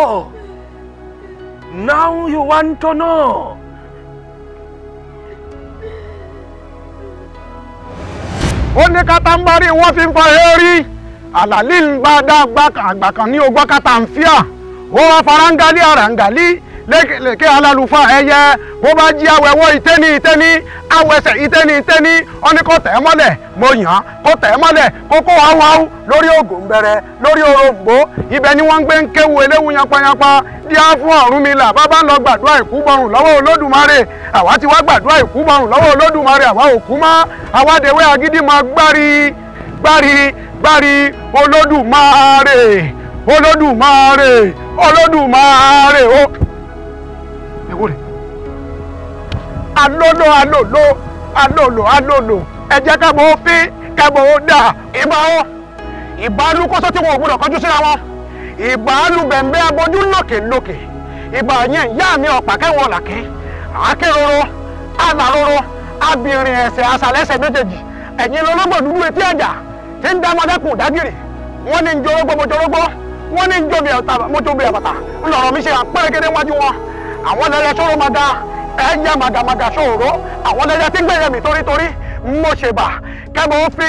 Oh, now you want to know. ó ní kátàǹbárí wọ́n fi ń fa eré àlàlí ń gbá dáa àgbà kan ní ogbó kátàǹfíà. wọ́n wá farangali arangali lẹ́kẹ́ alalufa ẹyẹ bó bá jí awẹ́wọ́ ìtẹ́ni ìtẹ́ni awẹsẹ̀ ìtẹ́ni ìtẹ́ni ọ́ni kò tẹ̀ mọ́lẹ̀ mo yàn kò tẹ̀ mọ́lẹ̀ kókó awáwú lórí ògùn bẹ̀rẹ̀ lórí òròǹbó ibẹ̀ ni wọ́n gbé ń kéwu eléwu yanpanyanpa díá fún Ọ̀rúnmìlà bàbá lọ gbàdúrà ìkú bọ̀rùn lọ́wọ́ Olódùmarè àwa ti wá gbàdúrà ìkú bọ̀rùn lọ́wọ́ Olódùmarè àwa agídí olódùmarè olódùmarè o ewo rẹ alolo alolo alolo alolo ẹ jẹ́ ká mọ̀ ó fín ká mọ̀ ó dà ìbá wọn ìbálù kóso tí wọn ò gbọ́dọ̀ kọjú síra wọn ìbálù bẹ̀m̀bẹ́ abojú lókè lókè ìbà yẹn ìyá mi ọ̀pá kẹ́wọ̀n làkẹ́ akéròrò alàròrò abìnrin ẹ̀sẹ̀ àṣàlẹ́sẹ̀ méjèèjì ẹ̀yìn lọ́lọ́gbọ̀n dúdú etí ẹ̀jà tí ń dá ọmọdékùn dágìrì wọ́n ní ń jorógbó mo wọ́n ní jọbi ẹ̀ta mójóbi àbàtà ńlọrọ̀ mi ṣe àpẹẹrẹgẹdẹ wájú wọn àwọn lẹ́lẹ́ sọ̀rọ̀ máa da ẹ̀yà màgàmàgà ṣòro àwọn lẹ́lẹ́ tí gbẹ̀yẹ̀ mi torítorí mo ṣèbà kẹ́mọ̀ ó fi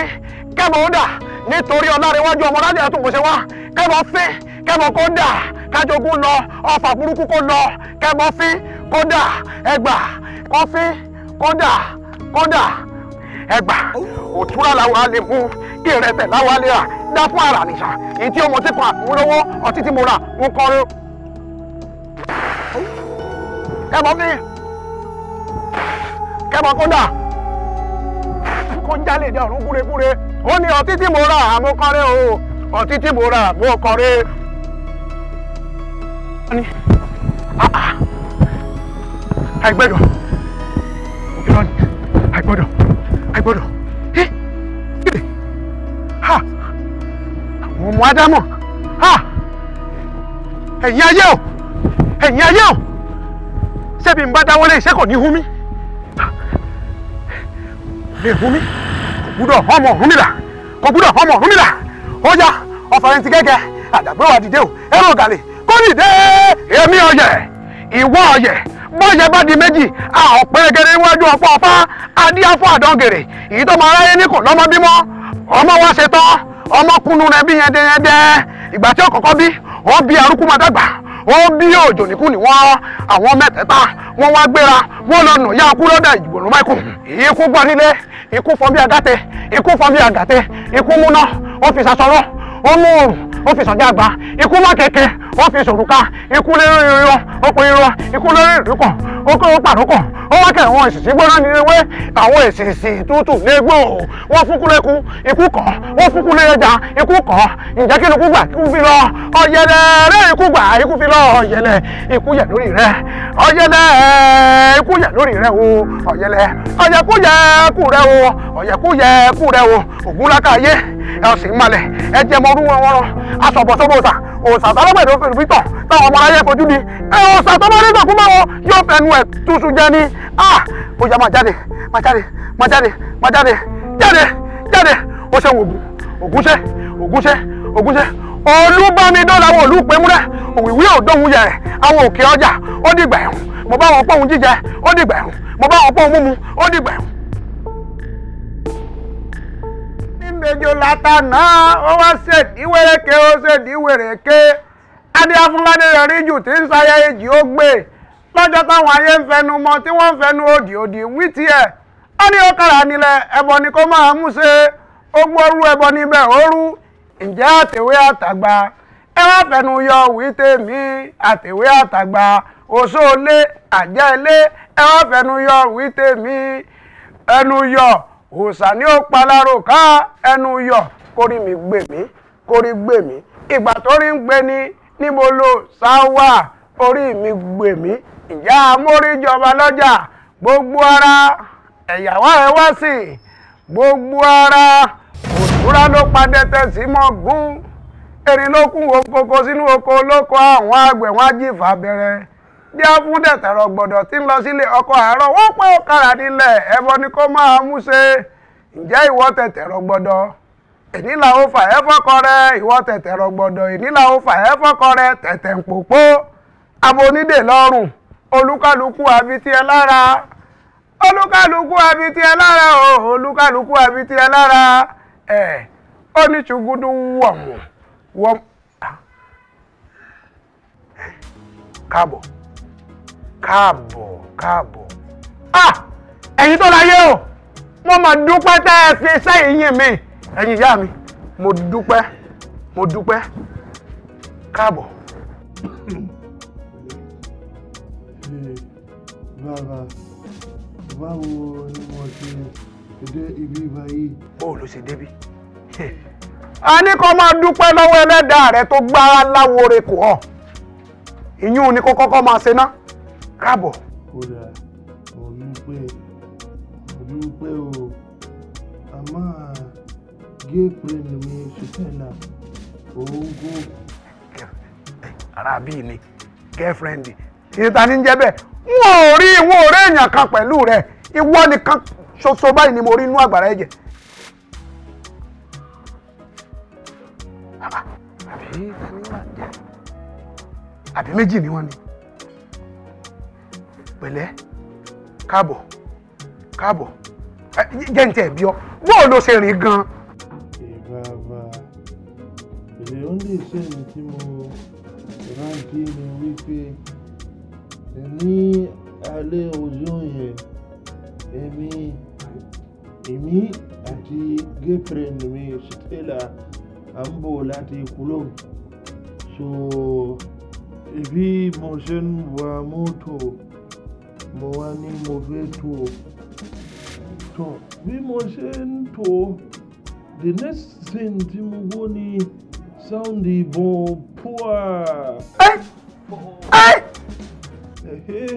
kẹ́mọ̀ ó dà nítorí ọ̀làríwájú ọmọ lájẹ̀ tó kò ṣe wá kẹ́mọ̀ fi kẹ́mọ̀ kó dà kájogún lọ ọfà burúkú kó lọ kẹ́mọ̀ fi kó dà ẹgbà kọ́fí kó dà kó dà ẹgbà òtúrà làwọn a lè mú kí ìrẹsẹ̀ làwọn a lè rà dá fún ara nìṣà èyí tí ọmọ tí kan àmúlówó ọtí tí mo rà ń kọrin. kẹ́mọ mi kẹ́mọ kódà kó ń jálè dé ọ̀run gúregúre ó ní ọtí tí mo rà àmúkọrin o ọtí tí mo rà àmúkọrin. àìgbẹ́dọ̀ ìrọ̀lẹ́ àìgbọ́dọ̀ àìgbọ́dọ̀ ẹ kéde ha àwọn ọmọ ádámọ̀ ha ẹ̀yin ayé o ẹ̀yin ayé o ṣebí n bá dáwọ́lé iṣẹ́ kò ní hún mi lè hún mi kò gbúdọ̀ ọmọ ọ̀hún mi là kò gbúdọ̀ ọmọ ọ̀hún mi là ó yá ọ̀fàrẹ́ntì gẹ́gẹ́ àdàgbé dìde o ẹ̀rọ ọ̀gàlè kó dìde èmi ọ̀yẹ̀ ìwọ ọ̀yẹ̀. bọ́ọ̀yẹ bá di méjì a ò pẹ́rẹ́gẹ́rẹ́ níwájú ọ̀pọ̀ ọ̀pá adíáfọ́ àdọ́gẹ̀rẹ̀ èyí tó máa ráyé ní kò lọ́mọ bímọ ọmọ wa ṣe tán rẹ bí yẹn ìgbà tí ó bí bí máa bí òjò nìkú àwọn mẹ́tẹ̀ẹ̀ta wọ́n wá gbéra wọ́n lọ nù yá kú ó mú òrù ó fi sọ̀dí àgbà ikú wá kẹ̀kẹ́ ó fi sòrùka ikú lérí irọ́ ó pe irọ́ ikú lérí ìrúkàn ó kó pàrókàn ó wá kẹ̀ àwọn èsìsì gbóná ní ewé àwọn èsìsì tútù ní egbò wọ́n fún kúlẹ́kú ikú kàn wọ́n fún kúlẹ́ ẹja ikú kàn ǹjẹ́ kí ikú gbà ikú fi lọ ọ̀yẹ̀lẹ̀ rẹ̀ ikú gbà ikú fi lọ ọ̀yẹ̀lẹ̀ ikú yẹ̀ lórí rẹ̀ ọ̀yẹ̀lẹ̀ ikú yẹ̀ lórí rẹ̀ o ọ̀yẹ̀lẹ̀ ọ̀yẹ̀kú yẹ̀ kú rẹ̀ o ọ̀yẹ̀kú yẹ̀ kú rẹ̀ o ògúnlákàyé ẹ sì ń malẹ̀ ẹ jẹ mọ orú wọn rọ aṣọ àbọ̀sọ́dọ̀ òòsà òòsà tọ́lọ́gbẹ̀ ló fi tọ̀ táwọn ọmọ aráyé fojú di ẹ òòsà tó bá rí ìgbà kúmọ́ wọn yóò fẹnu ẹ̀ túṣu jẹ ní ó yá máa jáde máa jáde máa jáde máa jáde jáde jáde ó ṣe ògùn ògúnṣe ògúnṣe ògúnṣe olúbámidó làwọn olùpẹ̀múrẹ́ òwìwí òdòhun yẹ̀rẹ̀ àwọn òkè ọjà ó dìgbà ẹ̀hún mo bá wọn pọ́hun jíjẹ ó dìgbà ẹ̀hún mo bá wọn pọ́hun múmu ó dìgbà ẹ̀hún teji lata nwaset iwere ke ozedwere ke adịafadrijutzaya eji ogbe naọta wanye mfenu motiwo fenu odiodi witie ariọkaranile ebonyikomaamuse ogbọruoebonyibeoru njetewe atagba ewefenyo witei atewe atagba os ole adaele ewefenuyọ witei enuyo òòṣà ni ó paláró ká ẹnu yọ kórí mi gbè mí kórí gbè mí ìgbà tó rí ń gbé ni níbo ló sáwà orí mi gbè mí ìyá amóríjọba lọ́jà gbogbo ara ẹ̀yàwó ẹ wá gbogbo ara òṣùrá ló padẹ tẹ̀sí mọ́ gún erin ló kún okoko sínú oko olóko àwọn àgbẹ̀ wọn ajífà bẹ̀rẹ̀ bí a fún dẹ̀tẹ̀rọ̀ gbọ̀dọ̀ tí ń lọ sílé ọkọ̀ àárọ̀ wọ́n pẹ́ ọ̀kadà nílẹ̀ ẹbọ ni kó máa mú ṣe ǹjẹ́ ìwọ tẹ̀tẹ̀rọ̀ gbọ̀dọ̀ èní làwọn fà ẹ́ fọ́kọ rẹ ìwọ tẹ̀tẹ̀rọ̀ gbọ̀dọ̀ èní làwọn fà ẹ́ fọ́kọ rẹ tẹ̀tẹ̀ ń pòpó abonídè lọ́rùn olúkálukú àbítí ẹ lára olúkálukú àbítí ẹ lára o olúkálukú àbítí ẹ lára ẹ ó wọ̀mù wọ́n ah. káàbọ̀ káàbọ̀ káàbọ̀ ah ẹ̀yin tó láyé o mo mà dúpẹ́ tẹ́ ẹ fi iṣẹ́ ìyìn mi ẹ̀yin ìyá mi mo dúpẹ́ mo dúpẹ́ káàbọ̀. bàbá báwo ni mo ṣe dé ibi báyìí. bó o ló ṣe débi. a ní kó máa dúpẹ́ lọ́wọ́ ẹlẹ́dàá rẹ tó gbára láwo re kò hàn ìyún ni kó kọ́kọ́ máa ṣe ná káàbọ̀. kódà mo rí i pé mo rí pé o àmọ́ gé pírín mi ṣiṣẹ́ náà òun kú. ara bíi ni girlfriend ìta ní jẹ́ bẹ́ẹ̀ n ò rí ìwọ ọ̀rẹ́ èèyàn kan pẹ̀lú rẹ̀ ìwọ nìkan ṣoṣo báyìí ni mo rí inú àgbàrá ẹ̀jẹ̀. àbí méjì ni wọ́n ní pẹ̀lẹ́ káàbọ̀ káàbọ̀ jẹ́ ní tẹ̀ bí ọ bóò ló ṣe rìn gan. ìbàbà èdè ó lè ṣe èyí tí mo rántí ni wípé ní alẹ́ ọjọ́ yẹn èmi èmi àti girlfriend mi Stella à láti Ìkúlọ̀ so ibi mo ṣe ń wa mọ́tò mo wá ní mo fẹ́ tó o tó bí mo ṣe ń tó o the next thing tí mo gbọ́ ni sound ìbọn púà. Eh, eh.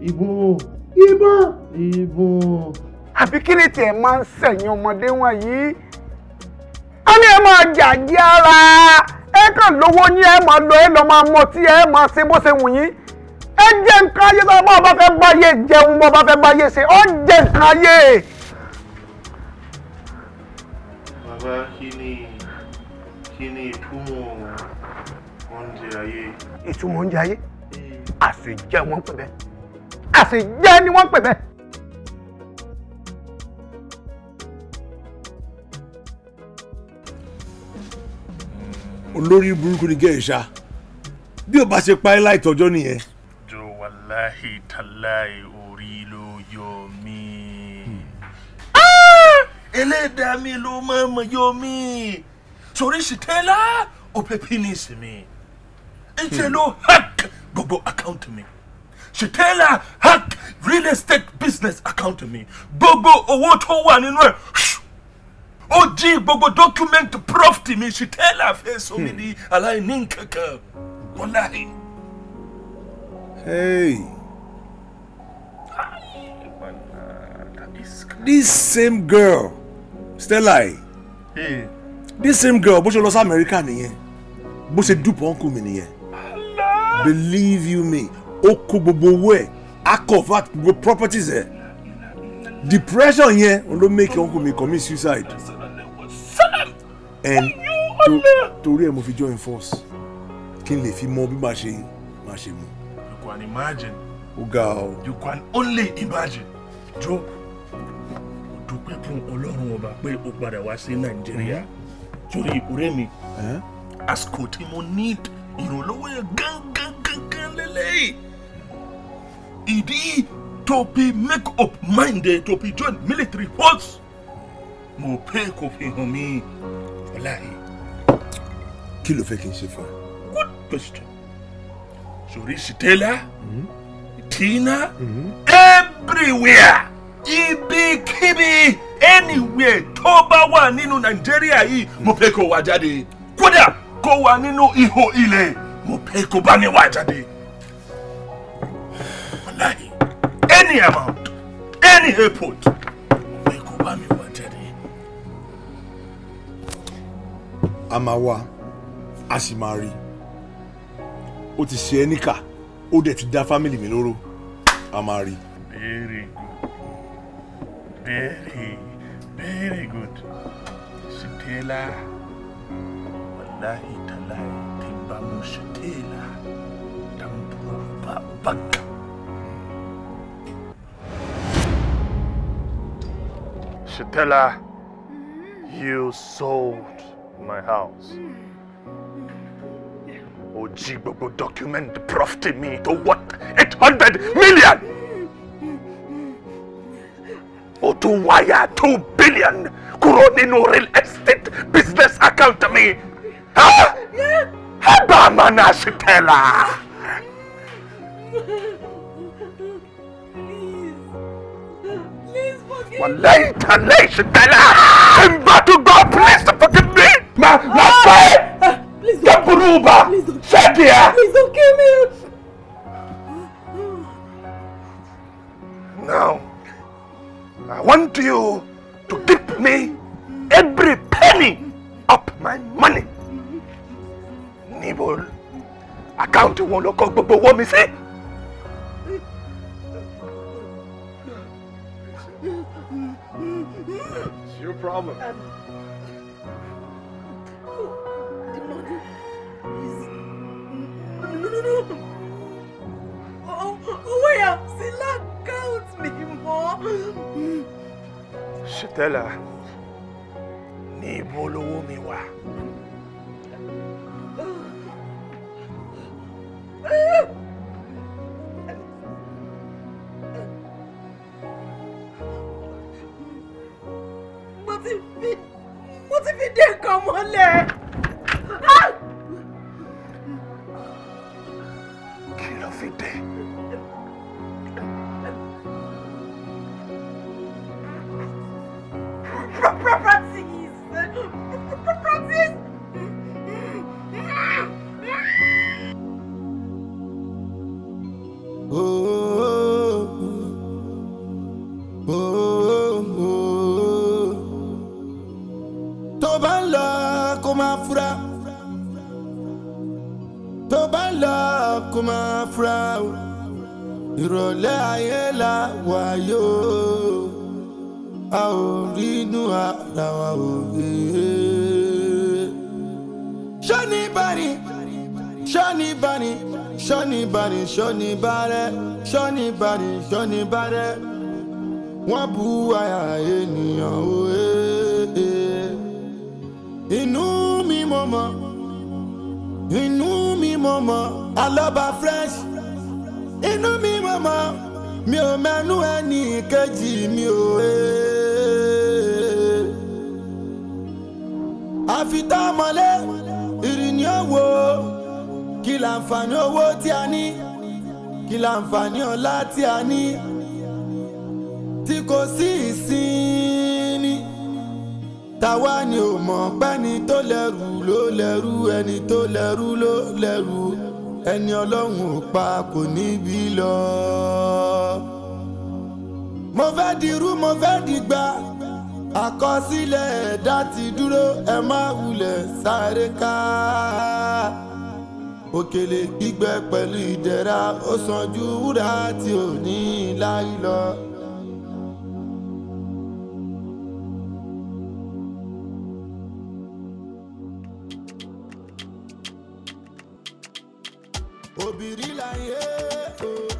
ìbọn. ìbọn. ìbọn. àfi kí ni tiẹ̀ máa ń sẹ̀yìn ọmọdé wọ̀nyí a ní ẹ máa jàjẹ́ ara ẹ kàn lówó ní ẹ máa lọ ẹ lọ máa mọ tí ẹ máa ṣe bó ṣe wù yín ẹ jẹ nǹkan ayé tó bá ọba fẹ́ báyé jẹun bá ọba fẹ́ báyé ṣe ọ jẹ nǹkan ayé. bàbá kí ni kí ni ìtumọ̀ oúnjẹ ayé. ìtumọ̀ oúnjẹ ayé àṣejẹ hmm. wọ́n pè bẹ́ẹ̀ àṣejẹ ni wọ́n pè bẹ́ẹ̀. olórí burúkú ni gẹ̀ẹ́sà bí o bá ṣe pa ẹ́ láì tọ́jọ́ nìyẹn wàláhì tàláì orí ló yọ mí. ẹlẹ́dàá mi ló máa mọ̀ yọ mí sórí ṣìtẹ́lá òpè mi ẹ̀jẹ̀ hmm. ló hack gbogbo account mi ṣìtẹ́lá hack real estate business account mi gbogbo owó tó wà nínú ẹ̀ ó jí gbogbo document property mi ṣìtẹ́lá fẹ́ sọ mi hmm. di alai nǹkan kan wàláhì. Hey. This same girl, Stella. Hey. Eh? Hmm. This same girl, but she lost America. Niye, but she ṣe dupe uncle mi niye. Believe you me, oku kó gbogbo owó properties eh. Depression yẹn ló make uncle mi commit suicide. And to ẹ̀ mo fi join force kí n lè fi mọ bí màá can imagine. ó ga you can only imagine. jọ dúpẹ́ fún ọlọ́run ọba pé o padà wá sí nàìjíríà mhm. torí ọ̀rẹ́ mi eh? àsìkò tí mo need ìrànlọ́wọ́ yẹn gángan gángan lélẹ́yìí ìdí to be make up mind ẹ tó fi join military force mo pe kò fi hàn mí ọ̀la kí ló fẹ́ kí n ṣe fún ẹ. good question. Shorishi Taylor, mm -hmm. Tina, mm -hmm. everywhere, ibikíbi, anywhere Toba wa wà nínú Nàìjíríà yìí, mm-hmm. mo fẹ́ kó wá jáde. Kódà kó wà nínú ihò ilẹ̀, mo fẹ́ kó bá ní wá jáde. Wàláhì, any amount, any airport, mo fẹ́ kó bá mi wá jáde. A máa wá, a sì máa rí i ó ti ṣe ẹ́ níkà ó dẹ̀ ti dá fámìlì mi lóró a máa rí. very good very very good ṣètẹ́lá wàláhì tàlá tí n bá mú ṣètẹ́lá dàmbúrò bá bàgà. Shetela, you sold my house. Mm. Ojibobo document profited me to what? 800 million! Or tún wire two billion kúrò nínú real estate business account to me? Huh? Hábà máa na ṣìtẹ́là. Wàlẹ́ ìtàlẹ́ ìṣìtẹ́là. Ṣé n bá tún gbọ́ please forgive me? Màá fẹ́. Please don't kill me! Now, I want you to give me every penny of my money. Níbo àkáǹtì wọn ló kó What me say? It's your problem. Um, owó yẹn sí lákàùntì mi mọ́. ṣètẹ́là ní ibo lówó mi wà. mo ti fi mo ti fi dé nǹkan mọ́lẹ̀. ní bàdẹ́ wọ́n bu àyà ènìyàn òye. inú mi mo mọ̀ inú mi mo mọ̀ alọ́ba fresh inú mi mo mọ̀ mi ò mẹ́nu ẹnì kejì mi òye. àfitọ́mọlé ìrìnnì òwò kí láǹfààní owó tí a ní kí láǹfààní ọlá tí a ní tí kò sí ìsinmi tàwa ni ò mọ̀ pẹ́ni tó lẹ́rù ló lẹ́rù ẹni tó lẹ́rù ló lẹ́rù ẹni ọlọ́run ò pa kò níbi lọ. mo fẹ́ dirú mo fẹ́ dìgbà àkọsílẹ̀ ẹ̀dá ti dúró ẹ má wulẹ̀ sáré ká òkèlè gbígbẹ pẹ̀lú ìdẹ̀ra ó sàn wúrà tí ò ní láyé lọ. obìnrin láyé o.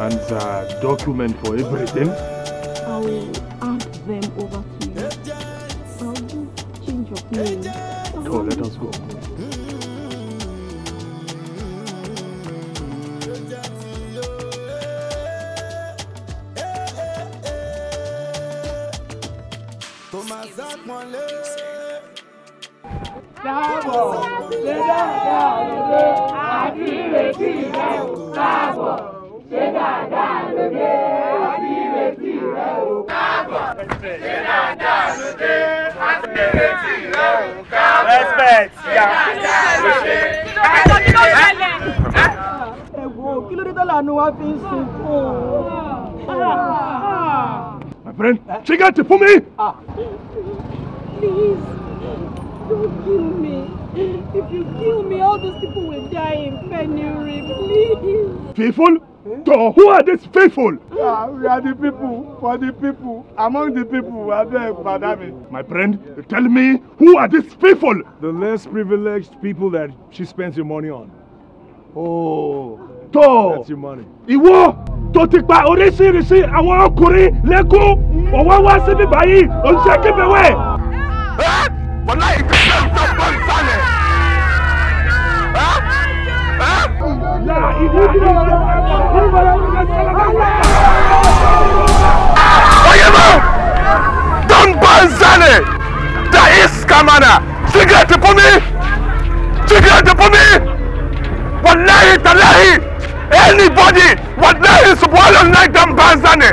and the document for everything. I will hand them over to you. I'll just change of name. Oh, let us go. Dáàbò lè dáadáa lè lé àti ìrètí rẹ ò káàbọ̀ ṣe dáadáa ló dé àti ìrètí rẹ ò káàbọ̀ ṣe dáadáa ló dé àti ìrètí rẹ ò káàbọ̀ respect ṣe dáadáa ló dé àti ìrètí rẹ ò káàbọ̀. ẹ kí ló dé tó lànà wá fi ń sunkún o. My friend, she got to pull me! Ah. Please, don't kill me. If you kill me, all those people will die in penury, please. Faithful? Eh? To who are these faithful? Ah, we are the people, for the people, among the people, are there, madam. My friend, tell me, who are these faithful? The less privileged people that she spends your money on. Oh, That's your tó ìwọ tó ti pa oríṣiríṣi àwọn ọkùnrin leku. Owa wa síbí bayi. òun ṣe kébẹ̀wẹ̀. Ah! wọ́n láyé tí ṣe ń sọ fún ìsàlẹ̀. Yeah, if you do not, you will not get Oyema! Don Banzane! Da iska mana! Cigarette for me! Cigarette for me! Wallahi talahi! Anybody! Wallahi subhanallah Dan Banzane!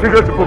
Cigarette for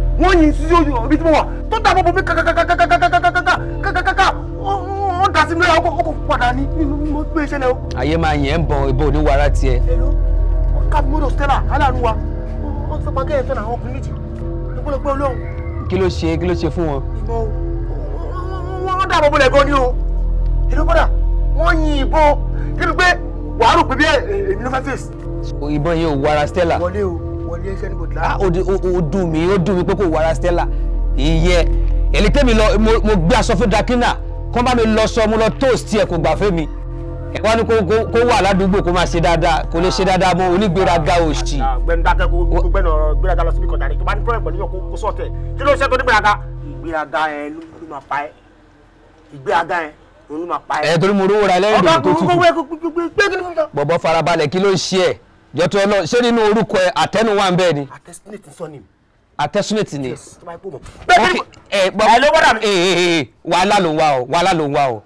wọ́n yin sí ojú ibi tí mo wà tó dà bọ́ bomi kàkàkàkàkàkàkàkàkàkàkàkà wọ́n dà sí mi lára ọkọ̀ padà ní mo gbé iṣẹ́ lẹ o. ayé máa yẹn ń bọ ibo ní wàrà tiẹ. kábímọ́dọ̀ stella aláàánú wa wọ́n ti sọpá kẹ́yìn fẹ́ràn àwọn ọkùnrin méjì lọ́pọ̀lọpọ̀ olóhùn. kí ló ṣe kí ló ṣe fún wọn. ìbọn wọ́n dà bọ́ bọ́lẹ̀ gan ni o èdè padà wọ́n yin ìbọn débi pé wàá pé bí èmi ló fẹ́ fèsì. ìbọn yìí ò wàrà stella. wọlé o wọlé iṣẹ́ níbo tìlá. Ah, ó dùn mí ó dùn mí pé kò wàrà Stella ìyẹ èlé tèmi lọ mo gbé aṣọ fún Dakina kán bá mi lọ sọ mo lọ toast ẹ kò gbà fún mi ẹ wá ní kó wà ládùúgbò kó máa ṣe dáadáa kò lè ṣe dáadáa mọ́ onígbéraga òṣì. Ah, gbẹnu dákẹ́ kó gbẹnu ọ̀rọ̀ gbéraga lọ síbi kan dàrí tó bá ní pọ́lẹ̀ pẹ̀lú ọkọ̀ kó sọ̀tẹ̀ kí ló ń ṣe tó ní gbéraga. ìgbéraga ẹ ló máa pa ẹ ìgbéraga ẹ ló máa pa ẹ. ẹ torí mo rówó ra ẹlẹ́rìndòdò tó tutù. ọba kò gbé gbé gbé gbé gbé gbé. bọ̀bọ̀ farabalẹ̀ kí ló ń ṣe ẹ̀ jọtọ ẹ lọ ṣé nínú orúkọ ẹ àtẹnuwa ń bẹ ni. àtẹsínẹtì sọ ni. àtẹsínẹtì ni. ẹ bọ ẹ wàhálà ń wá o wàhálà ló ń wá o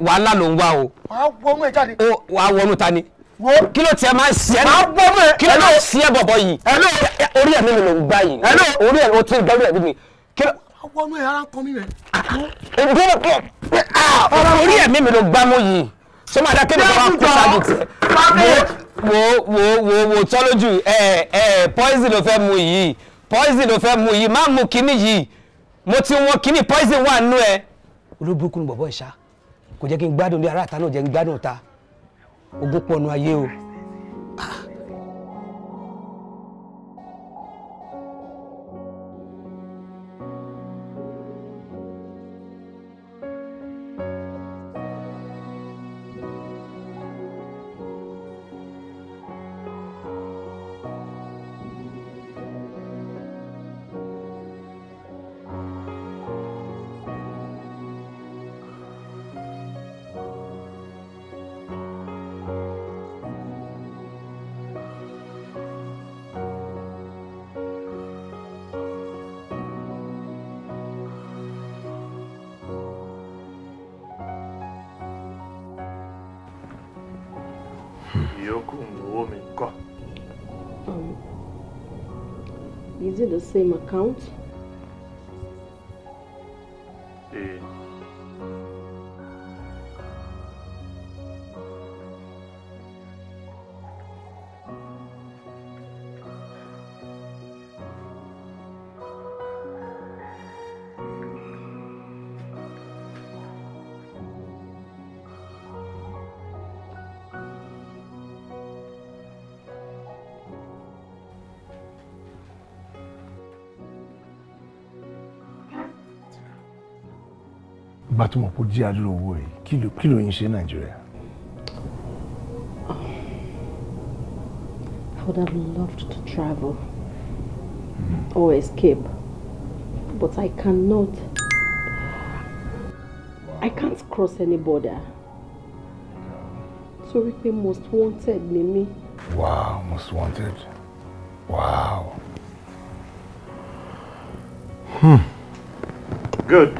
wàhálà ló ń wá o. wàá wọnú ẹ jáde. ó wàá wọnú ta ni. wo kí ló tiẹ̀ máa ń ṣiẹ́ náà kí ló máa ń ṣiẹ́ bọ̀bọ̀ yìí. orí ẹ̀mí mi ló ń gbá yìí. orí ẹ̀mí o ti gbẹ́rù ẹ̀mí mi. kí ló wàá wọnú ẹ̀ ara ń kọ́ ah, mi rẹ̀. orí ẹ̀mí mi ló gbá mú yìí. sọ wo wo wo wo tọ́lójú ẹ ẹ poison ló fẹ́ mu yìí poison ló fẹ́ mu yìí má mu kíní yìí mo ti wọn kíní poison wà nínú ẹ. olóbùkún ni bọ̀bọ̀ ìṣá kò jẹ́ kí n gbádùn bí aráàta náà jẹ́ n gbádùn ta ogún pọ̀nù ayé o. the same account tó mọ̀ jí àdúrà owó yìí kí ló kí ṣe nàìjíríà. I would have loved to travel mm. or escape, but I cannot. I can't cross any border. Torí pé most wanted ni Wow, most wanted. Wow. Hmm. Good.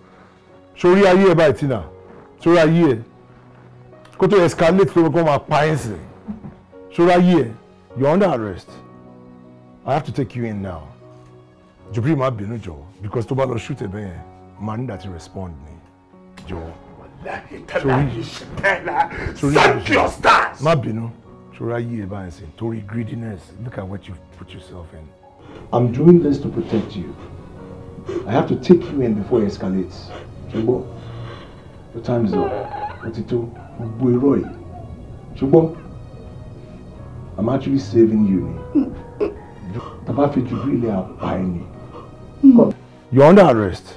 sórí ayé ẹ̀ báyìí tìǹà sórí ayé ẹ̀ kó tó escalate tó kó máa pa ẹ̀ sí sórí ayé ẹ̀ you are under arrest I have to take you in now Jubril má bínú jọ̀wọ́ because tó bá lọ shoot ẹ̀ bẹ́ẹ̀ yẹn máa nígbà tí respond ni jọ̀wọ́ torí torí má bínú torí ayé ẹ̀ báyìí sí torí greediness look at what you put yourself in. I'm doing this to protect you. I have to take you in before it escalates ṣùgbọ́n the time is up ó ti tó gbogbo irọ́ yìí ṣùgbọ́n i'm actually saving you ni tàbá fi jù bí ilé apá ẹni. Hmm. you are under arrest.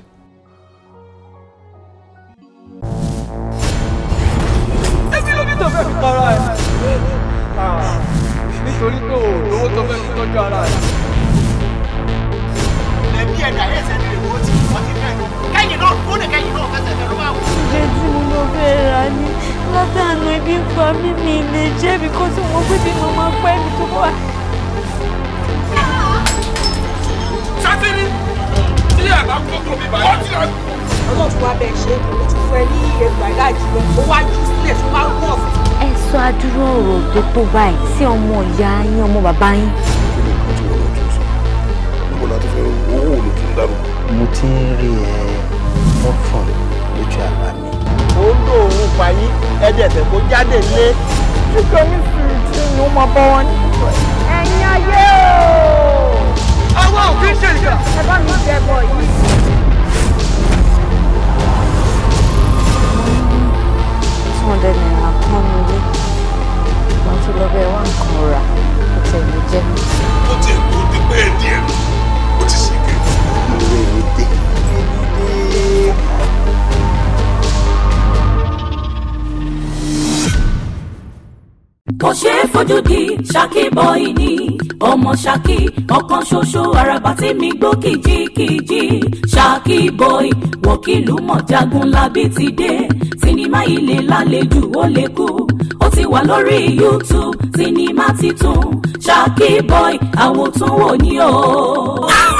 mo fẹ́ rà ní látàánú ibi ń pa mí mi lè jẹ́ bí kó tí mo gbé bí mo máa pẹ́ mi tó wà. sátẹ́rì tí àbá gbọ́dọ̀ mi bá yà. ọlọ́run ti wá bẹ̀ ṣe mo ti fún ẹ ní ẹgbàá ìlàjì rẹ ó wá jù sílẹ̀ tó bá wọ̀. ẹ sọ adúrú ọ̀rọ̀ tó tó báyìí sí ọmọ ìyá yín ọmọ bàbá yín. mo ti ń rí ẹ lọ́fọ̀n lójú àbá mi ó ń lò òun pa yín ẹ̀dẹ̀ tẹ̀ kó jáde lé. kíkọ́ ní sùúrùtì ni ó máa bá wọn ní kíkọ́ ẹ̀yin ayé o. àwa ò ṣe ìjà. ẹ bá mi jẹ bọ yìí. two hundred naira kán mi lé wọn ti lọ bẹ wá nǹkan rà ó tẹ̀lé jẹ́. ó ti kú díẹ̀ ó ti ṣe kẹ́kẹ́. kò ṣeé fojú di ṣákì bọ́ì ni ọmọ ṣákì ọ̀kan ṣoṣo àràbà tí mi gbó kìjikìji ṣákì bọ́ì wọ̀kìlú mọ̀ jagun labí ti dé sinimá ilé lálejò ó lè kú ó ti wà lórí youtube sinimá titun ṣákì bọ́ì àwọn tún wò ní o. Ah!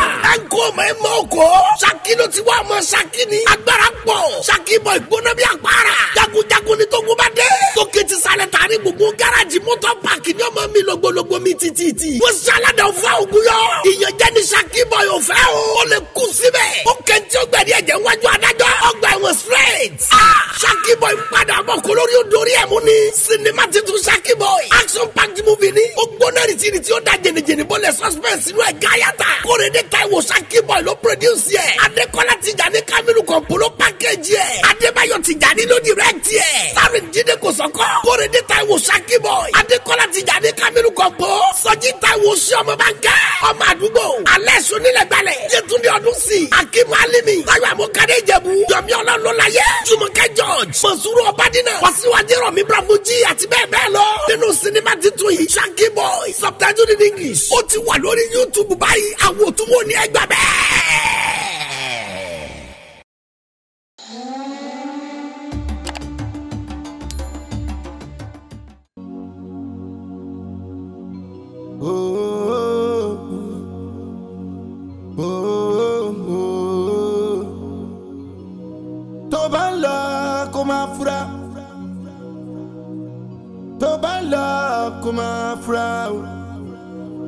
kó o mọ̀ ẹ́ mọ̀ ọkọ̀. Ṣakí ló ti wá ọmọ Ṣakí ni. Agbára pọ̀. Ṣakí bọ̀ ìgbóná bí àpárá. Jagunjagun ni tógun bá dé. Tókè ti sálẹ̀ tàrí gbogbo gáràjì mọ́tò pààkì ní ọmọ mi lọ́gbọ̀lọ́gbọ̀ mi títí. Mo ṣàlàdà fún àwùjọ yọ. Ìyànjẹ́ ni Ṣakí bọ̀ yóò fẹ́ o. Ó lè kú síbẹ̀. Ó kẹ́ntì ó gbẹ̀dí ẹ̀jẹ̀ wájú adájọ́. Ọgbà ẹ̀wọ̀n straight. Ah! Ṣakí bọ̀ ń padà bọ̀ kólórí odori ẹ̀ mú ni. Sinimá titun Ṣakí bọ̀. Action packed movie ni. Ó gbóná rìtìrìtì ó da jẹnijẹni bọ́lẹ̀ suspense ẹ̀ Akiboy ló produce yẹ. Adékọ́lá Tijani Kamilu polo package yẹ. Adébáyọ̀ Tijani ló direct yẹ. Sarin Jíde Kòsọ́kọ́. Kórèdé Táíwò Ṣakíboy. Adékọ́lá Tijani Kamilu Kọ̀ǹpo. Sọjí Táíwò Ṣọmọbánkẹ́. Ọmọ àdúgbò. Alẹ́ Sunílẹ̀gbálẹ̀. Yétúndé ọdún sí. Akimu Alimi. Táyọ̀ Amúkadé Ìjẹ̀bú. Yọ̀mí Ọlọ́lọ́láyé. Jùmọ̀kẹ́ George. Mọ̀súrù Ọbadínà. Wàsíwájú Rọ̀mí Bramuji àti bẹ́ẹ̀ bẹ́ẹ̀ lọ. Nínú sinimá titun yìí. Ṣakíboy. Subtitled in English. Ó ti wà lórí YouTube báyìí. Àwọn òtún wo ni ẹgbàá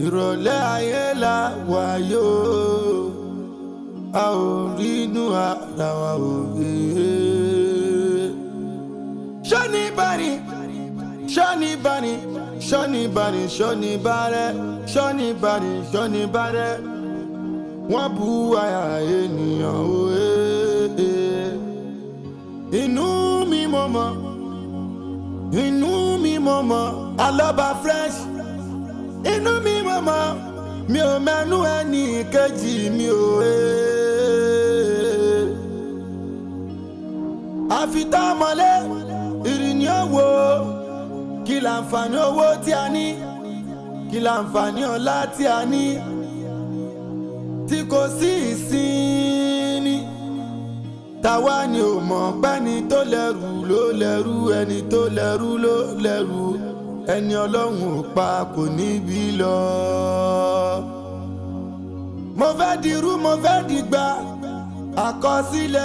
ìrọ̀lẹ́ ayé la wà yóò. a ò rí inú ara wa ò rí e. ṣọ́ni bari ṣọ́ni bari ṣọ́ni bari ṣọ́ni barẹ́ ṣọ́ni bari ṣọ́ni barẹ́ wọ́n bu àyà ènìyàn òye. inú mi mọ̀ mọ́ inú mi mọ̀ mọ́ alọ́ba fresh inú mi mọ̀ mọ́ mi ò mẹ́nu ẹnì kejì mi ò e. àfitọ́mọlé ìrìnnì owó kí láǹfààní owó tí a ní kí láǹfààní ọlá tí a ní tí kò sí ìsinmi táwa ni ò mọ̀ pẹ́ni tó lẹ́rù ló lẹ́rù ẹni tó lẹ́rù ló lẹ́rù. lẹ́rù ẹni ọlọ́run ò pa kò níbi lọ. mo fẹ́ dirú mo fẹ́ dìgbà àkọsílẹ̀.